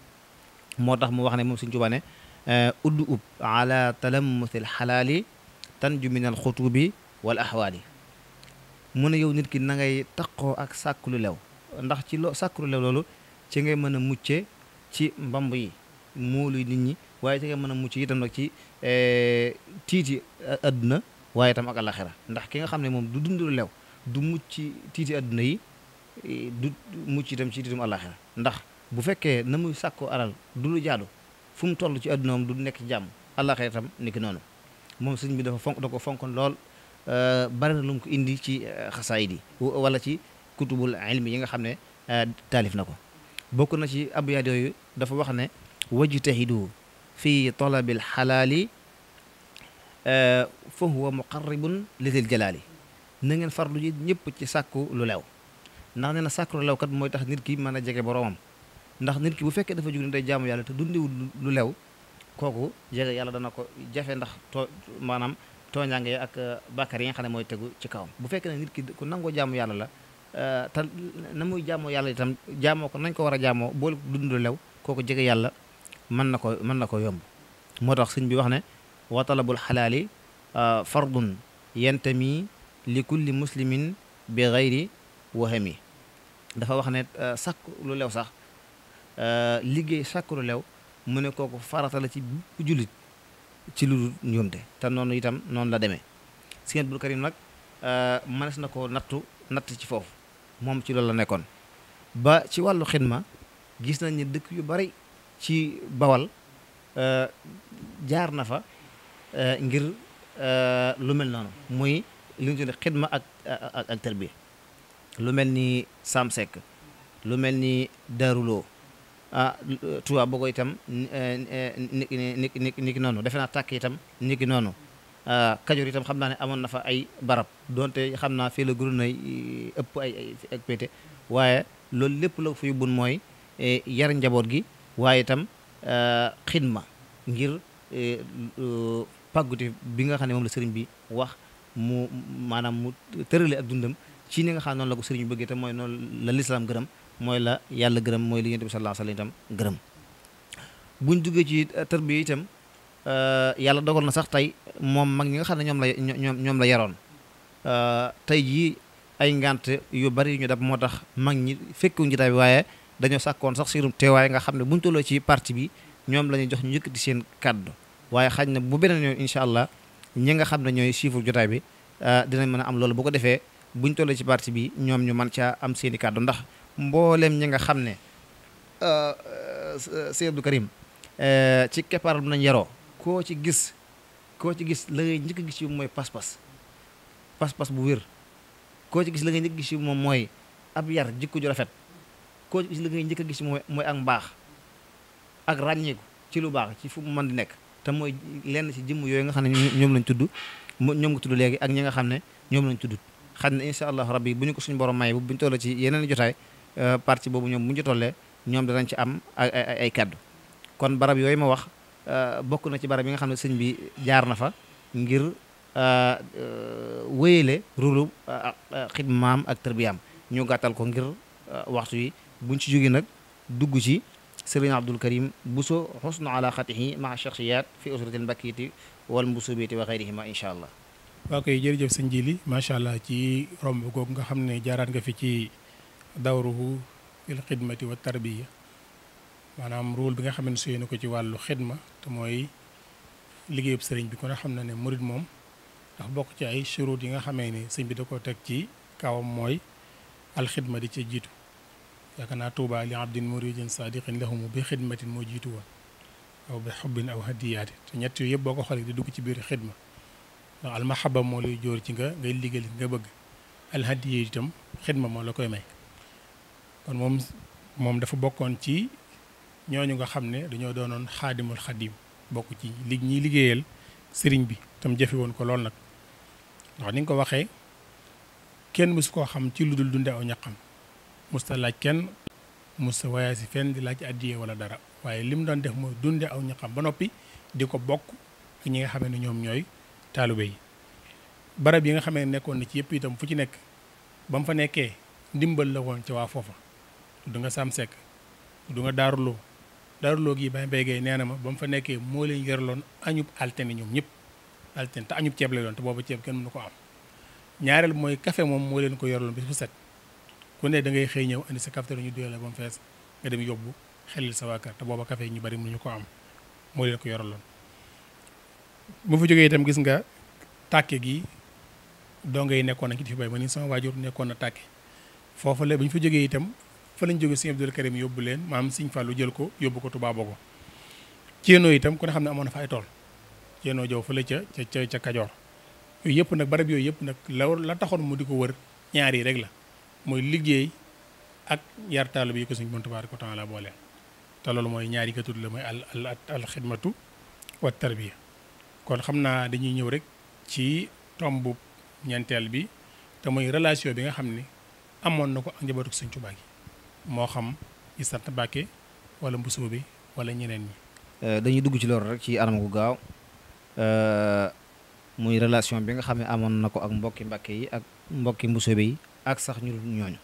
moo tax mu wax ne moom Sëñ Tuubaa ne euh, uddu ub ala talamusil xalaali tanju min al xutubi wal ahwaali mu ne yow nit ki nangay ngay ak sàkku lu lew ndax ci loo sàkku lu lew loolu ci ngay mën a muccee ci mbamb yi mooluy nit ñi waaye ci ngay mën a mucc itam nag ci euh, tiiti adduna waaye itam ak alaxira ndax ki nga xam ne moom du dund lu lew du mucc ci tiiti adduna yi du mucc itam ci itam àllaaxira ndax bu fekkee na muy sàkkoo alal du lu jaadu fu mu toll ci àdduna moom du nekk jàmm àllaaxira itam niki noonu moom sëñ bi dafa fonk da ko lool euh, bari na lu indi ci euh, xasaayid yi wala ci kutubul ilmi yi nga xam ne euh, taalif na ko bokk na ci abyaat yooyu dafa wax ne wajtahidu fi talabil xalaali fa huwa muqarribun litil jalaali na ngeen farlu ji ñëpp ci sàkku lu leew ndax nee na sàkkru lew kat mooy tax nit ki mën a jege boroomam ndax nit ki bu fekkee dafa jug ne day jaamu yàlla te dundiwul lu lew kooku jege yàlla dana ko jafe ndax too maanaam tooñaange ak euh, bàkkaar yi nga xam ne mooy tegu ci kawam bu fekkee ne nit ki ku nangoo jaamu yàlla la euh, te na muy jaamoo yàlla itam jaamoo ko nañ ko war a jaamoo boole dund lew kooku jege yàlla mën na ko mën na ko yomb moo tax sëñ bi wax ne wa talabul xalaali euh, fardun yentami li kulli muslimin bi gayri wahami dafa wax ne euh, sàkku lu lew sax euh, liggéey sàkku lu lew mu ne kooku farata la ci bu jullit ci lu njuumte te noonu itam noonu la demee Sëriñ Abdul Karim nag euh, mënees na ko nattu natt ci foofu moom ci loolu la nekkoon ba ci wàllu xidma gis nañ ne dëkk yu bari ci bawal jaar na fa ngir lu mel noonu muy li ñu tuddee xidma ak ak ak tarbiya lu mel ni Samsek lu mel ni Daruloo ah Touba Bogo itam eh, eh, ni ni ni ni ki noonu defe naa tàkk itam ni noonu ah, Kajoor itam xam naa ne amoon na fa ay barab donte xam naa fii la guru nay eh, ëpp ay ay pété waaye loolu lépp la fu bun mooy yar njaboot gi waaye itam xidma ngir pàggute bi nga xam ne moom la sëriñ bi wax mu maanaam mu tërale ak dundam ci ni nga xam noonu la ko sëriñ bi bëggee te mooy noonu la lislaam gërëm mooy la yàlla gërëm mooy li yonent bi sa alayhi wasallam itam gërëm buñ duggee ci tarbiya itam euh, yàlla dogal na sax tey moom mag ñi nga xam ne ñoom la ñoom ñoom la yaroon euh, tey jii ay ngante yu bari ñu dab moo tax mag ñi fekkuñ jotaay bi waaye dañoo sàkkoon sax seenum teewaay nga xam ne buñ tolloo ci parti bi ñoom la ñuy jox ñu yëkkati seen kàddu waaye xaj na bu beneen yoon incha allah ñi nga xam ne ñooy siifur jotaay bi euh, dinañ mën am loolu bu ko defee buñ tollee ci parti bi ñoom ñu mën caa am seeni kàddu ndax mbooleem ñi nga xam ne euh, euh, Sëriñ Abdou Karim euh, ci keppaaral nañ yaroo koo ci gis koo ci gis la ngay njëkk gis ci mooy pas-pas pas-pas bu wér koo ci gis la ngay moom mooy ab yar jikko ju rafet koo ci gis la ngay njëkk gis ci mooy ak mbaax ak ràññeeku ci lu baax ci fu mu mën di nekk te mooy lenn ci jëmm yooyu nga xam ne ñoom lañ tudd ñoom nga tudd léegi ak ñi nga xam ne ñoom lañ tudd xam na incha allah rabbi bu ñu ko suñu borom may bu ñu toll ci yeneen jotaay euh, parti boobu ñoom bu ñu tollee ñoom danañ ci am ay kàddu kon barab yooyu ma wax euh, bokk na ci barab yi nga xam ne sëñ bi jaar na fa ngir euh, wéyale rulu maam ak tërbiyaam ñu gàttal ko ngir waxtu yi buñ ci jógee nag dugg ci sëriñ Abdul Karim Bousso xusnu ala xatihi maa shaxsiyaat fi usratil mbakkiti wal mbusubiti wa xayrihima incha allah waa koy jërëjëf sëñ Jili macha allah ci romb googu nga xam ne jaaraat nga fi ci dawruhu fil xidmati wa tarbiya maanaam rôle bi nga xam ne suyee na ko ci wàllu xidma te mooy liggéeyub sëriñ bi kon a xam na ne murid moom ndax bokk ci ay churut yi nga xamee ne sëñ bi da koo teg ci kaawam mooy alxidma di ca jiitu yaakaar naa tuubaa li abdin muridin sadiqin lahumu bi xidmatin moo jiitu woon aw bi xubbin aw hadiyaati te ñett yooyu yëpp boo ko xoolee di dugg ci biir xidma ndax almahaba moo lay jóor ci nga ngay liggéey li nga bëgg alhadiya itam xidma moo la koy may kon moom moom dafa bokkoon ci ñooñu nga xam ne dañoo doonoon xaadimul xadim bokk ci li ñuy liggéeyal sëriñ bi tam jafe woon ko lool nag ndax ni nga ko waxee kenn mësu koo xam ci lu dul dunde aw mus musta laaj kenn mus musta wayaasi fenn di laaj addiye wala dara waaye li mu doon def mooy dunde aw ñaqam ba noppi di ko bokk ak ñi nga xam ne ñoom ñooy taalibe yi barab yi nga xamee nekkoon na ci yëpp itam fu ci nekk ba mu fa nekkee ndimbal la woon ca waa foofa du nga Sam Seck du nga daaruloo daaruloo gii bay béygay nee na ma ba mu fa nekkee moo leen yorloon añub altine ñoom ñëpp altine te añub ceeb la yoon te booba ceeb kenn mënu ko am ñaareel mooy kafe moom moo leen ko yorloon bis bu set ku ne da ngay xëy ñëw andi sa cafetière ñu duyal la ba mu fees xelil sa waa kër te ñu bari mënuñu ko am moo leen ko yorloon bu fa jógee itam gis nga tàkke gi dongo yi nekkoon nañ ci di fi bay ma ni sama waajur nekkoon na tàkke foofu la bu ñu fa jógee itam fa lañ jógee si Abdul Karim yóbbu leen maam sëñ Fàllu jël ko yóbbu ko Tuubaa Bogo Céenoo itam ku xam ne amoon fa ay tool Céenoo jow fële ca ca ca Kajoor yooyu nag barab yooyu yëpp nag la taxoon mu di ko wër ñaar yi rek la mooy liggéey ak yar taalibe yi ko suñ boole te loolu ñaari ka la mooy al al al xidmatu tarbiya kon xam naa dañuy ñëw rek ci tombu ñeenteel bi te muy relation bi nga xam ne amoon na ko ak njabootu Sëñ moo xam sant Mbàkke wala mbusuba bi wala ñeneen ñi. Euh, dañuy dugg ci loolu rek ci anam gu gaaw euh, muy relation bi nga xam ne amoon na ko ak mbokki Mbàkke yi ak mbokki mbusuba yi ak sax ñu ñooñu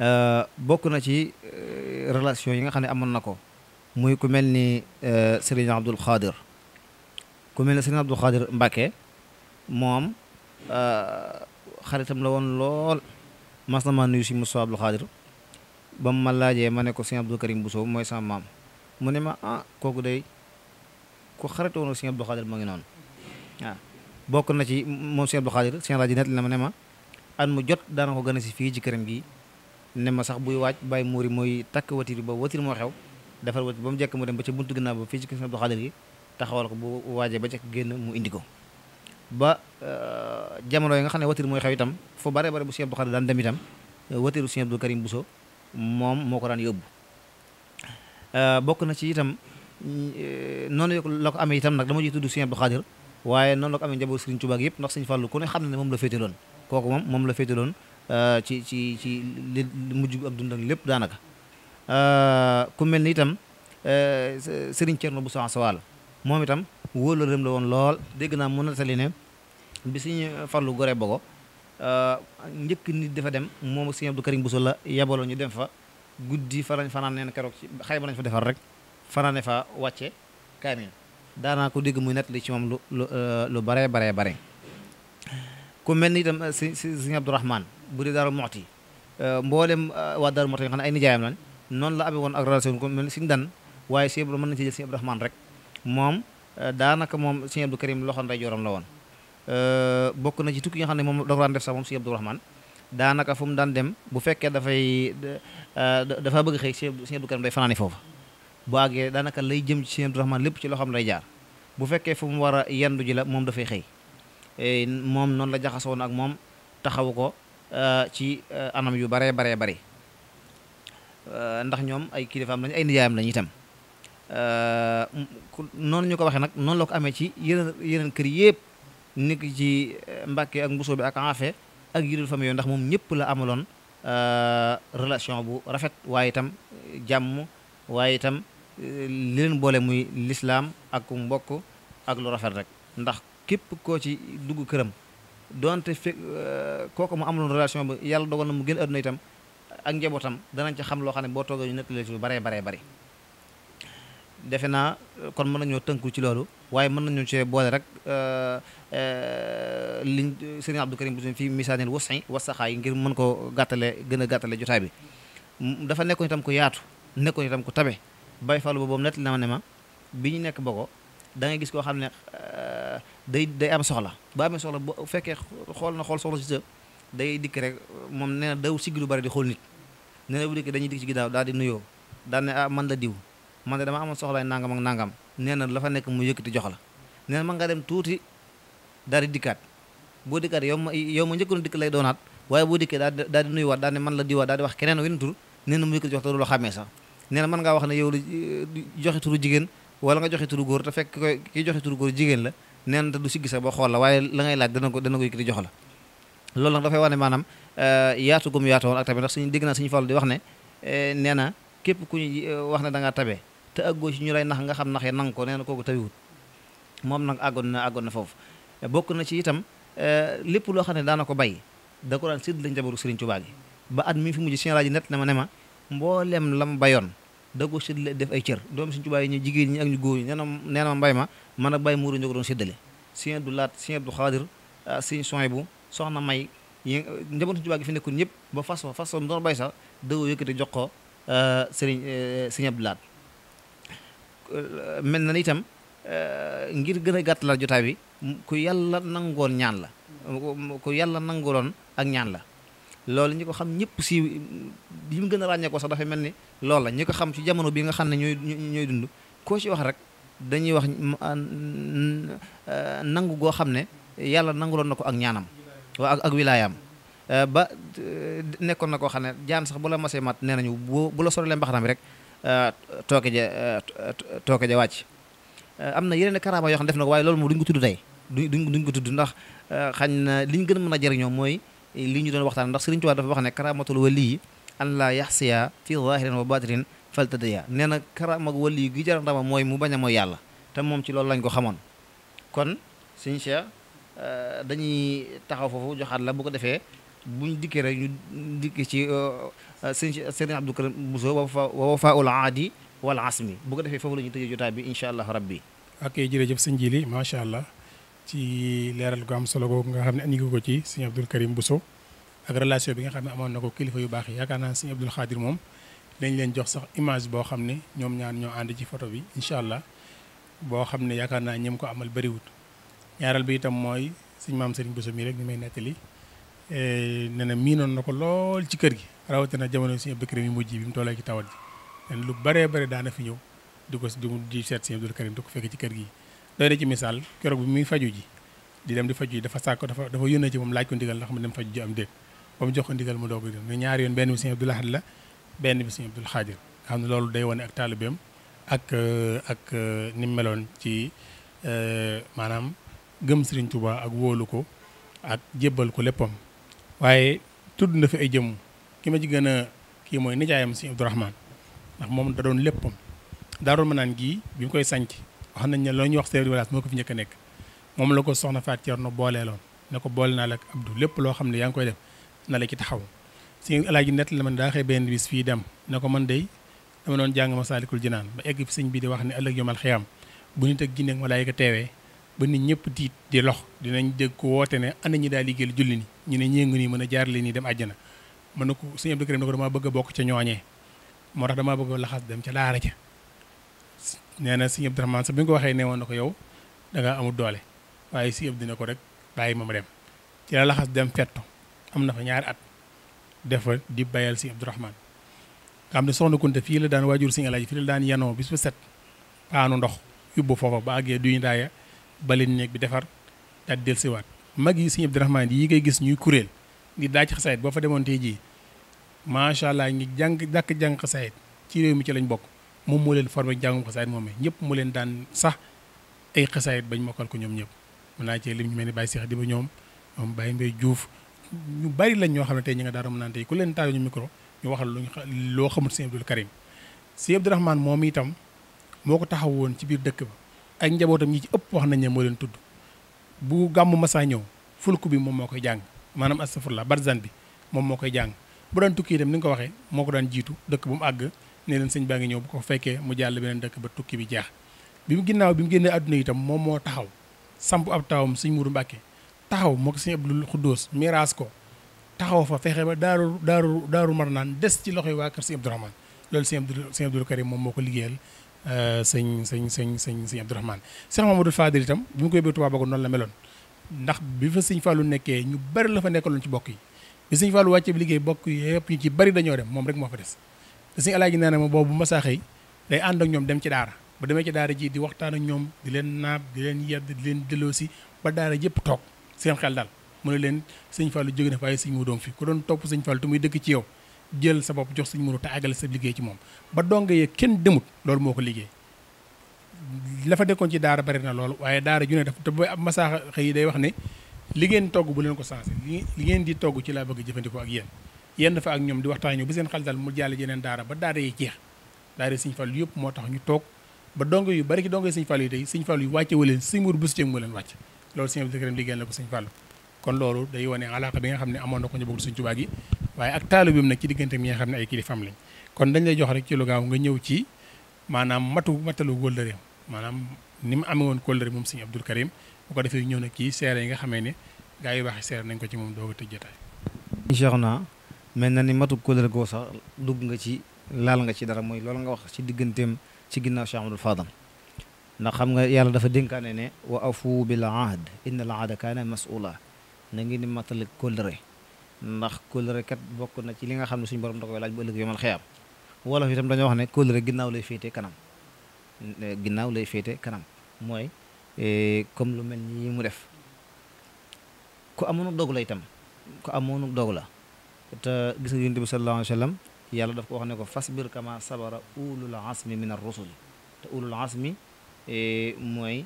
euh, bokk na ci relation yi nga xam ne amoon na ko muy ko mel ni Serigne Abdul Xaadir ku mel ne sëriñ Abdou Khadir moom euh, xaritam la woon lool mas na maa nuyu si Moussa Abdou Khadir ba mu ma laajee ma ne ko sëriñ Abdou Karim Bousso mooy sama maam mu ne ma ah kooku day ku xarit woon sëriñ Abdou Khadir ma ngi noonu waaw bokk na ci moom sëriñ Abdou Khadir sëriñ rajo net la ma ne ma at mu jot daana ko gën a si fii ci këram gi ne ma sax buy waaj bàyyi muuri mooy takk watir ba watir moo xew defar watir ba mu jekk mu dem ba ci buntu a ba fii ci kër sëriñ Abdou Khadir gi taxawal ko bu waajee ba ca génn mu indi ba euh, jamono yi nga xam ne watir mooy xew itam fu bare bare bu Sëñ Abdou Khadre daan dem itam euh, watiru Sëñ Abdou Karim Bousso ko daan yóbbu euh, bokk na ci itam noonu la ko amee itam nag dama ciy tudd Sëñ Abdou Khadre waaye noonu la ko amee njaboot Sëriñ Tuubaa yëpp ndax Sëñ Fallu ku ne xam ne moom la féetaloon kooku moom moom la féetaloon ci ci ci li mujj ab dund ak lépp daanaka ku mel ni itam Sëriñ Cerno Bousso Ansawal moom itam wóolóoreem la la woon lool dégg naa mu nettali ne bi suñu farlu gore bogo euh, njëkk nit dafa dem moom ak sëñ Abdou Karim Bousso la yebaloo ñu dem fa guddi fa lañ fanaan keroog ci xayma lañ fa defar rek fanaane fa wàcce kaamil daanaa ko dégg muy nettali ci moom lu lu euh, lu baree bare ku mel ni itam euh, si si sëñ Abdourahmane bu dee Daaru Muxti mboolem waa Daaru Muxti nga xam ne ay nijaayam lañ noonu la amee woon ak relation ku mel ni suñu dan waaye sëñ Abdou mën nañ ci jël sëñ Abdourahmane rek moom euh, daanaka moom sëñ Abdou Karim loxo ndeyjooram la woon euh, bokk na ci tukki yi nga xam ne moom da ko daan def sax moom sëñ Abdou Rahman daanaka fu mu daan dem bu fekkee dafay euh, dafa bëgg xëy sëñ Abdou Karim day fanaani foofu bu àggee daanaka lay jëm ci sëñ Abdou Rahman lépp ci loo xam ne jaar bu fekkee fu mu war a yendu ji la moom dafay xëy e, moom noonu la jaxasoon ak moom taxawu ko ci anam yu baree baree bari ndax ñoom ay kilifaam lañ ay nijaayam lañ itam Euh, noonu ñu ko waxee nag noonu la ko amee ci yeneen yeneen kër yëpp nekk ci euh, Mbàkke ak Mbusoo bi ak Anfe ak yidul famille yooyu ndax moom ñëpp la amaloon euh, relation bu rafet waaye tam jàmm waaye itam li leen boole muy lislaam ak mbokk ak lu rafet rek ndax képp koo ci dugg këram donte fekk kooku mu amaloon relation bi yàlla dogal mu gën adduna itam ak njabootam danañ ci xam loo xam ne boo toogee ñu nettalee ci lu baree baree bari defe naa euh, kon mën nañoo tënku ci loolu waaye mën nañoo cee boole rek euh, euh, liñ sëriñ Abdou Karim Bousso fi misaanil wasin wasaxaay ngir mën ko gàttale gën a gàttale jotaay bi dafa nekkoon itam ko yaatu nekkoon itam ko tabe bay falu ba boobu nett na ma ne ma bi ñu nekk ba ko gis koo xam ne day day am soxla ba amee soxla bu fekkee xool na xool soxla si sa day dikk rek moom nee na daw siggi lu bari di xool nit nee na bu dikk dañuy dikk ci ginnaaw daal di nuyoo daal ah man la diw man de dama amoon soxlaay nangam ak nangam nee na la fa nekk mu yëkkati jox la nee na ma nga dem tuuti daal di dikkaat boo dikkaat yow ma yow ma njëkkoon dikk lay doonaat waaye boo dikkee daal di daal di nuyuwaat daal di man la diwaat daal di wax keneen wen tur nee na mu yëkkati jox te du la sax nee na mën wax ne yow la joxe jigéen wala nga joxe turu góor te fekk koy ki jigéen la nee na te du siggi sax ba xool la waaye la ngay laaj dana ko dana ko yëkkati jox la loolu nag dafay wane maanaam eh, yaatu gum yaatu woon ak tamit ndax suñu dégg naa suñu fàllu di wax ne eh, nee na képp ku ñu eh, wax ne da ngaa tabee te àggoo ci ñu lay nax nga xam naxee nang ko nee na kooku tawiwut moom nag àggoon na àggoon na foofu bokk na ci itam eh, lépp loo xam ne daana ko bay da ko daan sédd lañ jabaru Sëriñ Tuubaa gi ba at mi fi mujj seen laaj net ne ne ma mboolem la mu bayoon da ko séddale def ay cër doom Sëriñ Tuubaa yi ñu jigéen ñi ak góor ñi nee na nee na ma ma man ak bay muuru ñoo ko doon séddale Sëriñ Abdu Laat Sëriñ Abdu Xaadir ah, Sëriñ Suwaybu soxna may yi njabootu Sëriñ Tuubaa fi nekkoon ñëpp ba fas wa fas wa mu doon bay sax dëgg yëkkati jox ko eh, Sëriñ eh, Sëriñ Laat Euh, mel na itam euh, ngir gën a la jotaay bi ku yàlla nangoon ñaan la ku yàlla nanguloon ak ñaan la loolu ñi ko xam ñëpp si li mu gën a ràññee ko sax dafa mel ni loolu la ñi ko xam ci jamono bi nga xam ne ñooy ñooy dund koo ci wax rek dañuy wax nangu goo xam ne yàlla nanguloon na ko ak ñaanam waa ak wilaayaam euh, ba nekkoon na koo xam ne jaan sax bu la masee mat nee nañu bu la solee mbaxanaam rek Euh, tooke ja euh, tooke ja wàcc euh, am na yeneen karaama yoo xam def na ko waaye loolu moom duñ ko tudd tey duñ duñ ko tudd ndax xañ na li ñu gën a mën a jëriñoo mooy li ñu doon waxtaan ndax Sëriñ Tuubaa dafa wax ne karaamatul wali an laa yaxsiya fi zahirin wa batirin faltadaya nee na wa wali gi jar ndama mooy mu bañ a mooy yàlla te moom ci loolu lañ ko xamoon kon Sëriñ Cheikh dañuy taxaw foofu joxaat la bu ko defee buñ dikkee rek ñu dikkee ci euh, euh, sëñ sëriñ Abdou Karim Bousso wa wafa ul aadi wal asmi bu ko defee foofu la ñuy tëjee jotaay bi incha allah rabbi ak jërëjëf sëñ Jili macha allah ci leeral gu am solo googu nga xam ne andi ko ci sëñ Abdou Karim Bousso ak relation bi nga xam ne amoon na ko kilifa yu baax yi yaakaar naa sëñ Abdou Khadir moom dañ leen jox sax image boo xam ne ñoom ñaar ñoo ànd ci photo bi incha allah boo xam ne yaakaar naa ñem ko amal bëriwut ñaaral bi itam mooy sëñ maam sëriñ Bousso mii rek ñu may nettali Eh, nee na miinoon na ko lool ci kër gi rawatina jamono Sëñ Abdou Karim yi mujj bi mu tollee ci tawat ji nen lu baree bare daana fi ñëw di ko di di seet Sëñ Abdou Karim di ko fekk ci kër gi doy na ci misaal keroog bi muy faju ji di dem di faju ji dafa sàkk dafa dafa yónnee ci moom laaj ko ndigal ndax mu dem faju ji am déet ba mu jox ko ndigal mu doog di ne ñaari yoon benn bi Sëñ Abdou Lahad la benn bi Sëñ Abdou Khadir nga xam ne loolu day wane ak taalibeem ak eh, ak eh, ni meloon ci maanaam gëm Sëriñ Tuubaa ak wóolu ko ak jébbal ko léppam waaye tudd na fi ay jëmm ki ma ci gën a kii mooy nijaayam si Abdourahmane ndax moom dadoon doon léppam daarul ma naan gii bi mu koy sanc wax nañ ne loo ñuy wax chef de village moo ko fi njëkk a nekk moom la ko soxna Faat Cerno booleeloon ne ko boole naa la ak Abdou lépp loo xam ne yaa ngi koy def na la ci taxaw si alaaji nett la man daa xëy bi bis fii dem ne ko man day dama doon jàng Masaalikul Jinaan ba egg fi sëñ bi di wax ne ëllëg yomal xiyaam bu nit ak jinne ak malaayika teewee ba nit ñëpp tiit di lox dinañ dégg ko woote ne ana ñi daa liggéeyal julli ni ñu ne ñeengu nii mën a jaar leen nii dem àjjana mën na ko sëñ Abdou Karim ko damaa bëgg a bokk ca ñooñee moo tax damaa bëgg laxas dem ca daara ja nee na sëñ Abdou sax bi ko waxee ne woon ko yow da ngaa doole waaye sëñ dina ko rek bàyyi ma ma dem ci la laxas dem fetto am na fa ñaari at defa di bayal sëñ Abdou Rahman nga xam ne soxna Kunta fii la daan waajur sëñ Alaaji fii la daan yanoo bis bu set paanu ndox yóbbu foofa ba àggee duñu daaya balin néeg bi defar daal di dellusiwaat mag yi sëñ Abdourahmane yi ngay gis ñuy kuréel di daaj xasaayit boo fa demoon tey jii macha allah ngi jàng dàkk jàng xasaayit ci réew mi ci lañ bokk moom moo leen formé jàngum xasaayit moom ñëpp mu leen daan sax ay xasaayit bañ mokkal ko ñoom ñëpp mën naa cee lim ñu mel ni Baye Cheikh Diba ñoom moom Baye Mbaye Diouf ñu bari lañ ñoo xam ne tey ñi nga daara mën naan tey ku leen taal ñu micro ñu waxal luñ loo xamul sëñ Abdul Karim sëñ Abdourahmane moom itam moo ko taxaw woon ci biir dëkk ba ak njabootam ñi ci ëpp wax nañ ne moo leen tudd bu gàmmuma saa ñëw fulku bi moom moo koy jàng maanaam astafurlah barzan bi moom moo koy jàng bu daan tukki itam ni nga ko waxee moo ko daan jiitu dëkk bu mu àgg ne leen sëñ baa ngi ñëw bu ko fekkee mu jàll beneen dëkk ba tukki bi jeex bi mu ginnaaw bi mu génnee àdduna itam moom moo taxaw samp ab taawam sëñ Mudu Mbàkke taxaw moo ko sëñ Abdul Xuddoos miraas ko taxaw fa fexe ba daaru daaru daaru mar naan des ci loxoy waa kër sëñ Abdourahmane loolu sëñ Abdul moom moo ko liggéeyal Euh, sëñ sëñ sëñ sëñ sëñ Abdourahmane Cheikh Mamadou Fadil itam bi mu koy yóbbee Touba Bagol noonu la meloon ndax bi fa sëñ Fallou nekkee ñu bari la fa nekkaloon ci bokk yi bi sëñ Fallou wàccee bi liggéey bokk yi ci bari dañoo dem moom rek moo fa des te sëñ Alaaji nee na ma boobu masaa xëy day ànd ak ñoom dem ci daara ba demee ci daara ji di waxtaan ak ñoom di leen naab di leen yedd di leen delloosi ba daara yëpp toog seen xel daal mu ne leen sëñ Fallou jóge na fa ay sëñ mu fi ku doon topp sëñ Fallou te muy dëkk ci yow jël sa bopp jox suñu mënu te àggale sa liggéey ci moom ba donga yee kenn demut loolu moo ko liggéey la fa nekkoon ci daara bari na loolu waaye daara ju ne def te bu am masaaxa xëy day wax ni li ngeen togg bu leen ko sensé li ngeen di togg ci laa bëgg jëfandikoo ak yéen yenn fa ak ñoom di waxtaan ñu ba seen xel daal mu jàll jeneen daara ba daara yi jeex daara Sëñ Fallu yëpp moo tax ñu toog ba dong yu bari ci dong Sëñ Fallu yi tey Sëñ Fallu yu wàcce waleen Sëñ Muur Buso Jeŋ moo leen wàcc loolu Sëñ Abdou Karim liggéeyal na ko Sëñ kon loolu day wane alaaka bi nga xam ne amoon na ko ñu bëgg suñ Tuubaa gi waaye ak taalu bi nag ci diggante mi nga xam ne ay kilifaam lañ kon dañ lay jox rek ci lu nga ñëw ci maanaam matu matalu kóllëre maanaam ni mu amee woon kóllëre moom Sëriñ Abdul Karim bu ko defee ñëw na kii seere yi nga xamee ne gaa yu baax seere nañ ko ci moom doog a tëj jotaay. incha allah mel na ni matu kóllëre goo sax dugg nga ci laal nga ci dara mooy loolu nga wax ci digganteem ci ginnaaw Cheikh Amadou Fadal ndax xam nga yàlla dafa dénkaane ne wa afu bil ahd inna al ahda kaana mas'ula na ngeen di matale kóllëre ndax kóllëre kat bokk na ci li nga xam ne suñu borom da koy laaj bu ëllëg yomal xeyaam wolof itam dañoo wax ne kóllëre ginnaaw lay féete kanam ginnaaw lay féete kanam mooy e, comme lu mel ni mu def ku amoon dogu la itam ku amoon dogu la te gis nga yonent bi sallallahu alayhi wa sallam ko wax ne ko fasbir kama sabara ulul asmi min ar rusul te ulul asmi e, mooy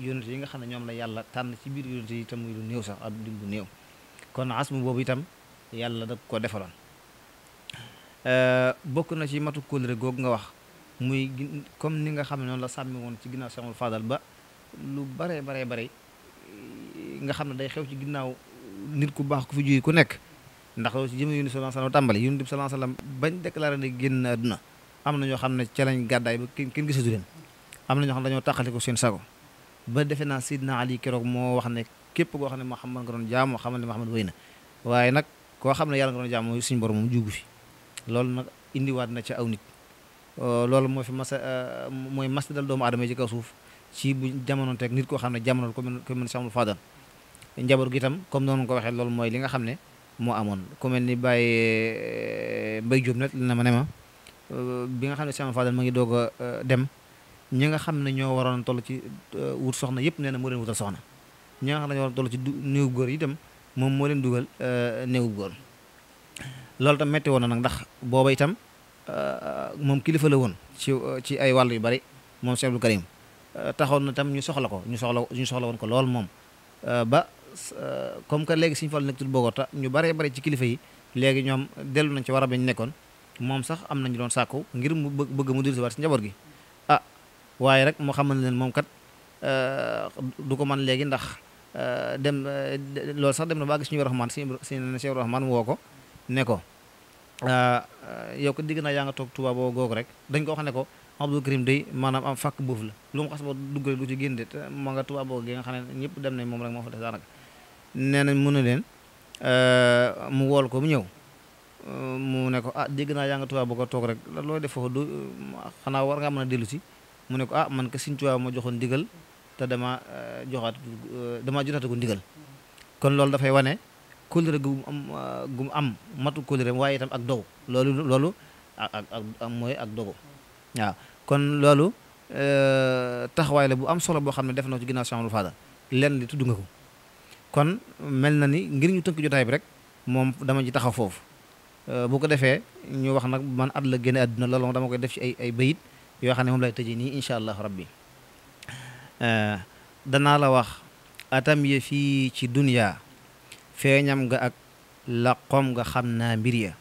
yonent yi nga xam ne ñoom la yàlla tànn ci biir yonent yi tam muy lu néew sax ab lim bu néew kon asmu boobu itam yàlla da ko defaloon euh, bokk na ci matu kóllëre googu nga wax muy gin comme ni nga xam ne noonu la sàmmi woon ci ginnaaw Seexul Fadal ba lu baree baree bare nga xam ne day xew ci ginnaaw nit ku baax ku fi juy ku nekk ndax si ci jëme yonent bi sallallahu tàmbali yonent bi sallallahu alayhi wasallam bañ déclaré ne génn àdduna am na ñoo xam ne ca lañ gàddaay ba kenn am na ñoo xam ne dañoo tàqaliku seen sago ba defe naa Sidna Ali keroog moo wax ne képp koo xam ne Muhammad nga doon jaamu xamal ne Muhammad wéy na waaye nag koo xam ne yàlla nga doon jaamu suñu borom mu jugu fi loolu nag indiwaat na ca aw nit euh, loolu moo fi mas euh, mooy mas dal doomu aadama ci kaw suuf ci bu jamono teg nit koo xam ne jamono ko mel ko mel Seexul Fadal njaboot gi itam comme noonu ko waxee loolu mooy li nga xam ne moo amoon ku mel ni Baye euh, nag na ma ne ma bi nga xam ne Seexul Fadal ma ngi doog dem ñi nga xam ne ñoo waroon tollu ci euh, wut soxna yëpp nee na moo leen wutal soxna ñi nga xam ne ñoo waroon toll ci néew yi itam moom moo leen dugal euh, néew góor loolu tam metti woon na nag ndax booba itam euh, moom kilifa la woon ci ci ay wàll yu bari moom Cheikh Karim taxoon na tam ñu soxla ko ñu soxla ñu soxla woon ko lool moom ba comme que léegi Sëriñ Fallu nekkatul Bogota ñu baree bari ci kilifa yi léegi ñoom dellu nañ ci war a bañ nekkoon moom sax am nañu doon sàkku ngir mu bëgg mu dul si waat si njaboot gi waaye rek mu xamal leen moom kat euh, du ko man léegi ndax euh, dem euh, loolu sax dem na ba àgg suñu rahmaan si si rahmaan woo ko ne ko yow ko naa yaa nga toog Tuubaa boo dañ ko wax ne ko Abdou Karim day maanaam am fàkk buuf la lu mu xas ba dugg rek du ci génn de te ne ñëpp dem nañ moom rek moo fa des nee nañ mun na leen mu wool ko mu ñëw mu ne ko ah dégg naa yaa nga Tuubaa boo ko toog rek looy def foofu du xanaa war ngaa mën a dellu si mu ne ko ah man ko Sëñ Tuubaa ma joxoon ndigal te dama eh, joxaat eh, dama jotaat ko ndigal kon loolu dafay wane kóllëre gu am eh, gu mu am matu kóllëreem waaye itam ak dogu loolu loolu ak ak mooy ak dogu waaw kon loolu taxawaay la bu am solo boo xam ne def na ci ginnaaw Cheikh Amadou Fadal lenn li tudd nga ko kon mel na ni ngir ñu tënk jotaay bi rek moom dama ci taxaw foofu bu ko defee ñu wax nag man at la génne àdduna loolu dama koy def ci ay ay yoo xam ne moom lay tëjee nii incha allah rabbi eh, danaa la wax atam ya fii ci duniya feeñam nga ak laqom nga xam naa mbir ya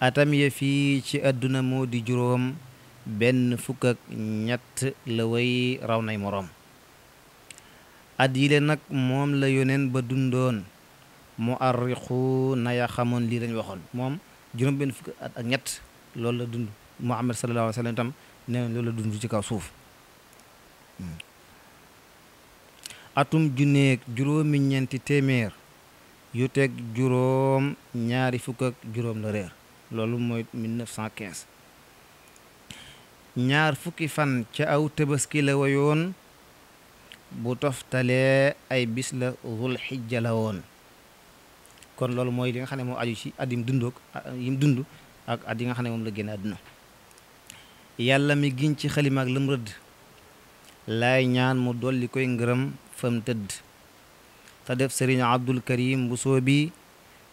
atam ya fii ci àdduna moo di juróom benn fukk ak ñett la way raw nay moroom at yile nag moom la yoneen ba dundoon mu arriqu na ya xamoon lii lañ waxoon moom juróom benn fukk ak ñett loolu la dund Muhammad sallallahu alayhi wa sallam itam nee la dund ci kaw suuf hmm. atum junneeg juróomi ñeenti téeméer yu teg juróom ñaari fukk juróom la réer loolu mooy quinze ñaar fukki fan ca aw tabaski la woyoon bu toftalee ay bis la zul xijja la woon kon loolu mooy li nga xam ne moo aju ci at mu dund yim dund ak at yi nga xam ne moom la génn àdduna yàlla mi giñ ci xalimaak lam rëdd laay ñaan mu dolli koy ngërëm fam tëdd te def sëriñ abdul karim bu soobi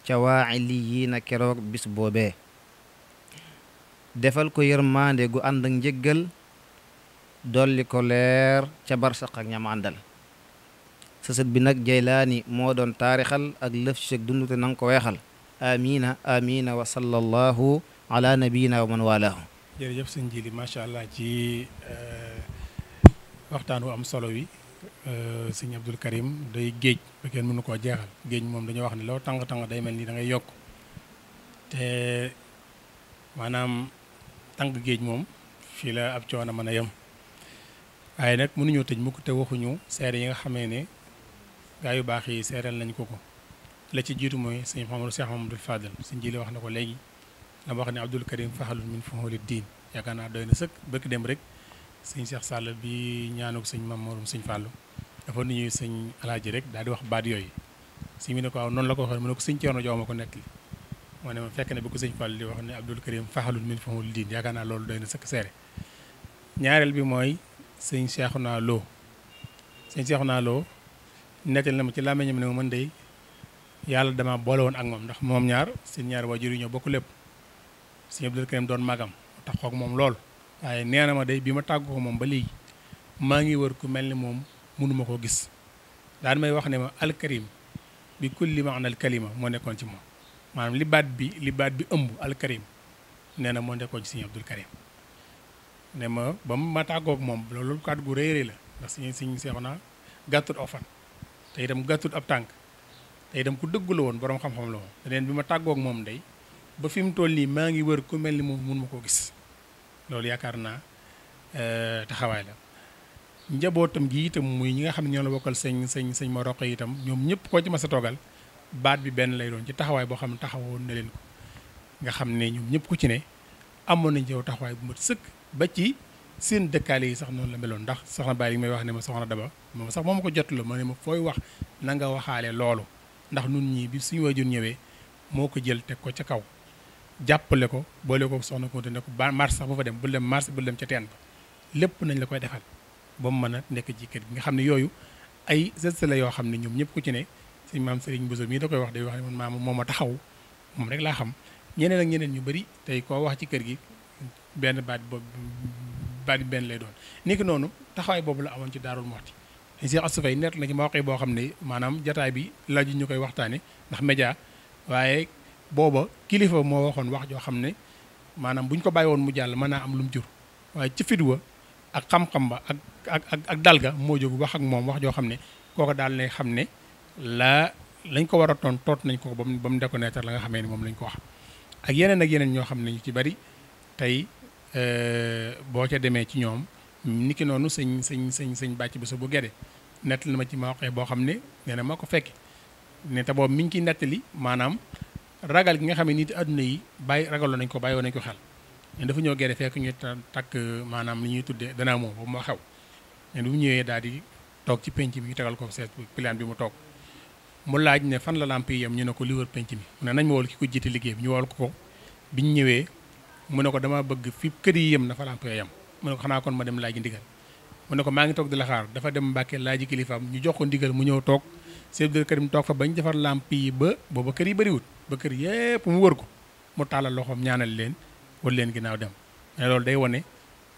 ca waaili yii keroog bis boobee defal ko yërmande gu ànd ak dolli ko leer ca barsaq ak ñam àndal sësët bi nag jaylaani moo doon taarixal ak lëf ci ko weexal amina amina wa sallallahu ala nabiyina wa man walaahu jërëjëf sëñ Jili macha allah ci euh, waxtaan wu am solo wi euh, sëñ Abdul Karim day géej ba kenn mënu koo jeexal géej moom dañoo wax ne loo tàng-tàng day mel ni da ngay te maanaam tàng géej moom fii la ab coono mën a yem waaye nag mënuñoo tëj mukk te waxuñu seere yi nga xamee ne gaa yu baax yi seereel nañ ko ko la ci jiitu mooy sëñ Mamadou Cheikh Mamadou Fadal sëñ Jili wax na ko léegi. la ma wax ne Abdul Karim faxalul min fuhuli diin yaakaar naa doy na sëkk bëkk dem rek sëñ Cheikh Sall bi ñaanuk sëñ Mamorum sëñ fàll dafa nu ñuy sëñ alaaji rek daal di wax baat yooyu sëñ bi ne la ko waxee mu ne ko sëñ Ceerno jox ma ko nekk li ne ma fekk ne bi sëñ Fàllu di wax ne Abdul Karim faxalul min fuhuli diin yaakaar naa loolu doy na sëkk seere ñaareel bi mooy sëñ naa loo sëñ Cheikhouna Lo nettal na mu ci làmmiñam ne ma mën day yàlla dama boole woon ak moom ndax moom ñaar seen ñaar waajur yi ñoo bokk lépp sëñ Abdul Karim doon magam tax xoog moom lool waaye nee na ma day bi ma tàggu ko moom ba léegi maa ngi wër ku mel ni moom mënuma koo gis daan may wax ne ma alkarim bi kulli maanal kalima moo nekkoon ci moom maanaam li baat bi li baat bi ëmb alkarim nee na moo nekkoon ci sëñ Abdul Karim ne ma ba ma tàggook moom loolu kàddu gu réy réy la ndax sëñ sëñ seexu naa gàttut aw fan te itam gàttut ab tànk te itam ku dëggu la woon boroom xam-xam la woon leneen bi ma tàggook moom day ba fi mu toll nii maa ngi wër ku mel ni moom mun ma koo gis loolu yaakaar naa euh, taxawaay la njabootam gi itam muy ñi nga xam ne ñoo la bokkal sëñ sëñ sëñ ma roq itam ñoom ñëpp koo ci ma sa toogal baat bi benn lay doon ci taxawaay boo xam ne taxawoon na leen ko ne ñoom ñëpp ku ci ne amoon nañ jëw taxawaay bu ma sëkk ba ci seen dëkkaale yi sax noonu la meloon ndax soxna Baye li may wax ne ma soxna Daba moom sax moom ko jot la ma ne ma fooy wax na nga waxaale loolu ndax nun ñii bi suñu waajur ñëwee moo ko jël teg ko ca kaw jàppale ko boole ko soxna Kounta ne ko ba mars sax bu fa dem bul dem mars bul dem ca teen ba lépp nañ la koy defal ba mu mën a nekk ci kër nga xam ne yooyu ay geste yoo xam ne ñoom ñëpp ku ci ne suñ maam Serigne Bousso mii da koy day wax ne man maam taxaw moom rek laa xam ñeneen ak ñeneen ñu bëri tey koo wax ci kër gi benn baat boobu baat benn lay doon. niki noonu taxawaay boobu la amoon ci Darou Mouhty dañ see asufay net la ci ma boo xam ne maanaam jataay bi laaju ñu koy waxtaane ndax média waaye booba kilifa moo waxoon wax joo xam ne maanaam buñ ko bàyyi woon mu jàll mën naa am lu mu jur waaye ci fit ak xam-xam ba ak ak ak ak dal ga moo jóg wax ak moom wax joo xam ne kooka daal ne xam ne la lañ ko war a toon toot nañ ko ba mu ba mu la nga xamee ni moom lañ ko wax ak yeneen ak yeneen ñoo xam ne ñu ci bari tey euh, boo ca demee ci ñoom niki noonu sëñ sëñ sëñ sëñ bàcc bi sa bu gede nettali ma ci ma waxee boo xam ne nee ma ko fekke ne te boobu mi ngi ciy nettali maanaam ragal gi nga xam ne nit àdduna yi bàyyi ragaloon nañ ko bàyyi woon nañ ko xel ne dafa ñëw gerte fekk ñu takk maanaam li ñuy tudde danaa moom ba mu xew ne bu mu ñëwee daal di toog ci penc bi ñu tegal ko seet bi mu toog mu laaj ne fan la lamp yi ñu ne ko li penc mi mu ne nañ ma wol ki ko jiite liggéey bi ko ko biñ ñëwee mu ne ko dama bëgg fi kër yi yem na fa lamp yooyu yem mu ne ko xanaa kon ma dem laaj ndigal mu ne ko maa ngi toog di la xaar dafa dem Mbàkke laaji kilifaam ñu jox ko ndigal mu ñëw toog Cheikh Abdou Karim toog fa bañ defar làmp yi ba booba kër yi bëriwut ba kër yépp mu wër ko mu tàllal loxoom ñaanal leen wal leen ginnaaw dem ne loolu day wone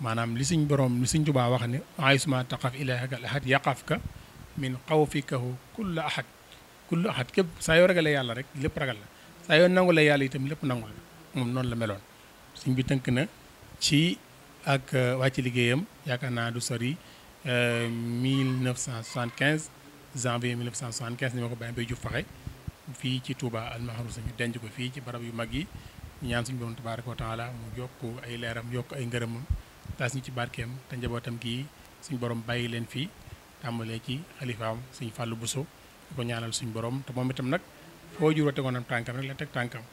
maanaam li suñ borom li suñ Tuubaa wax ne aysuma taqaf ilaahaka al ahad yaqaf ka min xawfikahu kullu ahad kullu ahad képp saa yoo ragalee yàlla rek lépp ragal la yoo nangu la yàlla itam lépp nangu moom noonu la meloon suñ bi tënk na ci ak euh, wàcc liggéeyam yaakaar naa du sori 1975 euh, janvier 1975 ni ma ko bàyyi bay ju faxe fii ci Touba almaharu sañu denc ko fii ci barab yu mag yi ñaan suñu borom tabaaraka wa taala mu yokk ay leeram yokk ay ngërëmam taas ñu ci barkeem te njabootam gii suñu boroom bàyyi leen fii tàmbalee ci xalifaam suñu fàllu buso di ko ñaanal suñu borom te moom itam nag foo juró tegoon am tànkam rek la teg tànkam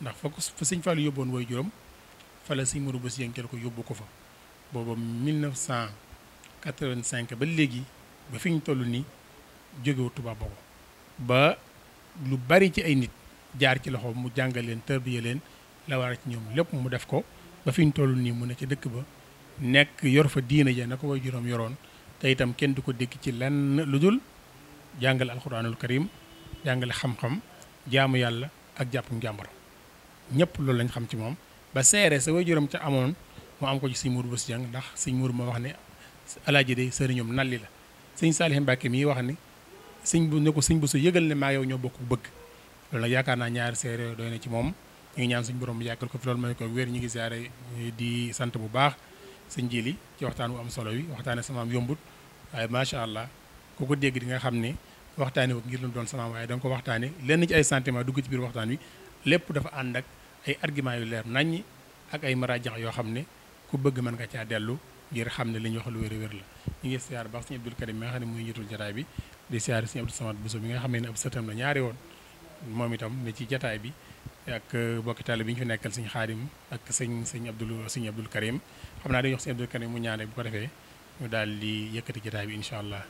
ndax fa suñ fàll yóbboon woy juróom fa la suñ muru bu si yëng jël ko yóbbu ko fa booba 1985 ba léegi ba fi ñu toll nii jógewu Touba Bogo ba lu bari ci ay nit jaar ci loxo mu jàngal leen tërbiya leen la war ci ñoom lépp mu def ko ba fi ñu toll nii mu ne ci dëkk ba nekk yor fa diina ja na ko way juróom yoroon te itam kenn du ko dékk ci lenn lu dul jàngale alxuraanul karim jàngale xam-xam jaamu yàlla ak jàppum jàmbur ñëpp loolu lañ xam ci moom ba seere sa way juróom ca amoon mu am ko ci sëñ Mourou Bousso Dieng ndax sëñ Mourou ma wax ne alaaji de sëriñam nalli la sëñ Saalih Mbàkke mii wax ni sëñ bu ne ko sëñ bu sa yëgal ne maa yow ñoo bokk bëgg loolu nag yaakaar naa ñaari seere doy na ci moom ñu ngi ñaan suñu borom yàggal ko fi loolu may ko wér ñu ngi siyaare eh, di sant bu baax sëñ jili ci waxtaan wu am solo wi waxtaane samaam yombut waaye macha allah ku ko dégg di nga xam ne waxtaane wu ngir lu doon samaam waaye da ko waxtaane lenn ci ay dugg ci biir waxtaan wi lépp dafa ànd ak ay yu leer naññ ak ay maraajax yoo xam ne ku bëgg mën nga caa dellu ngir xam ne li ñu wax lu wér a la ñu ngi siyaar baax sëñ Abdul Karim mi nga xam ne muy njiitul jataay bi di siyaare Sëriñ Abdou Samad Bousso mi nga xamee ne ab sëtam la ñaari woon moom itam ne ci jataay bi ak euh, bokki taalibe bi ñu fi nekkal Sëriñ Xaadim ak sëñ sëñ Abdul sëñ Abdul Karim xam naa day jox Sëriñ Abdul Karim mu ñaane bu ko defee ñu daal di yëkkati jataay bi incha allah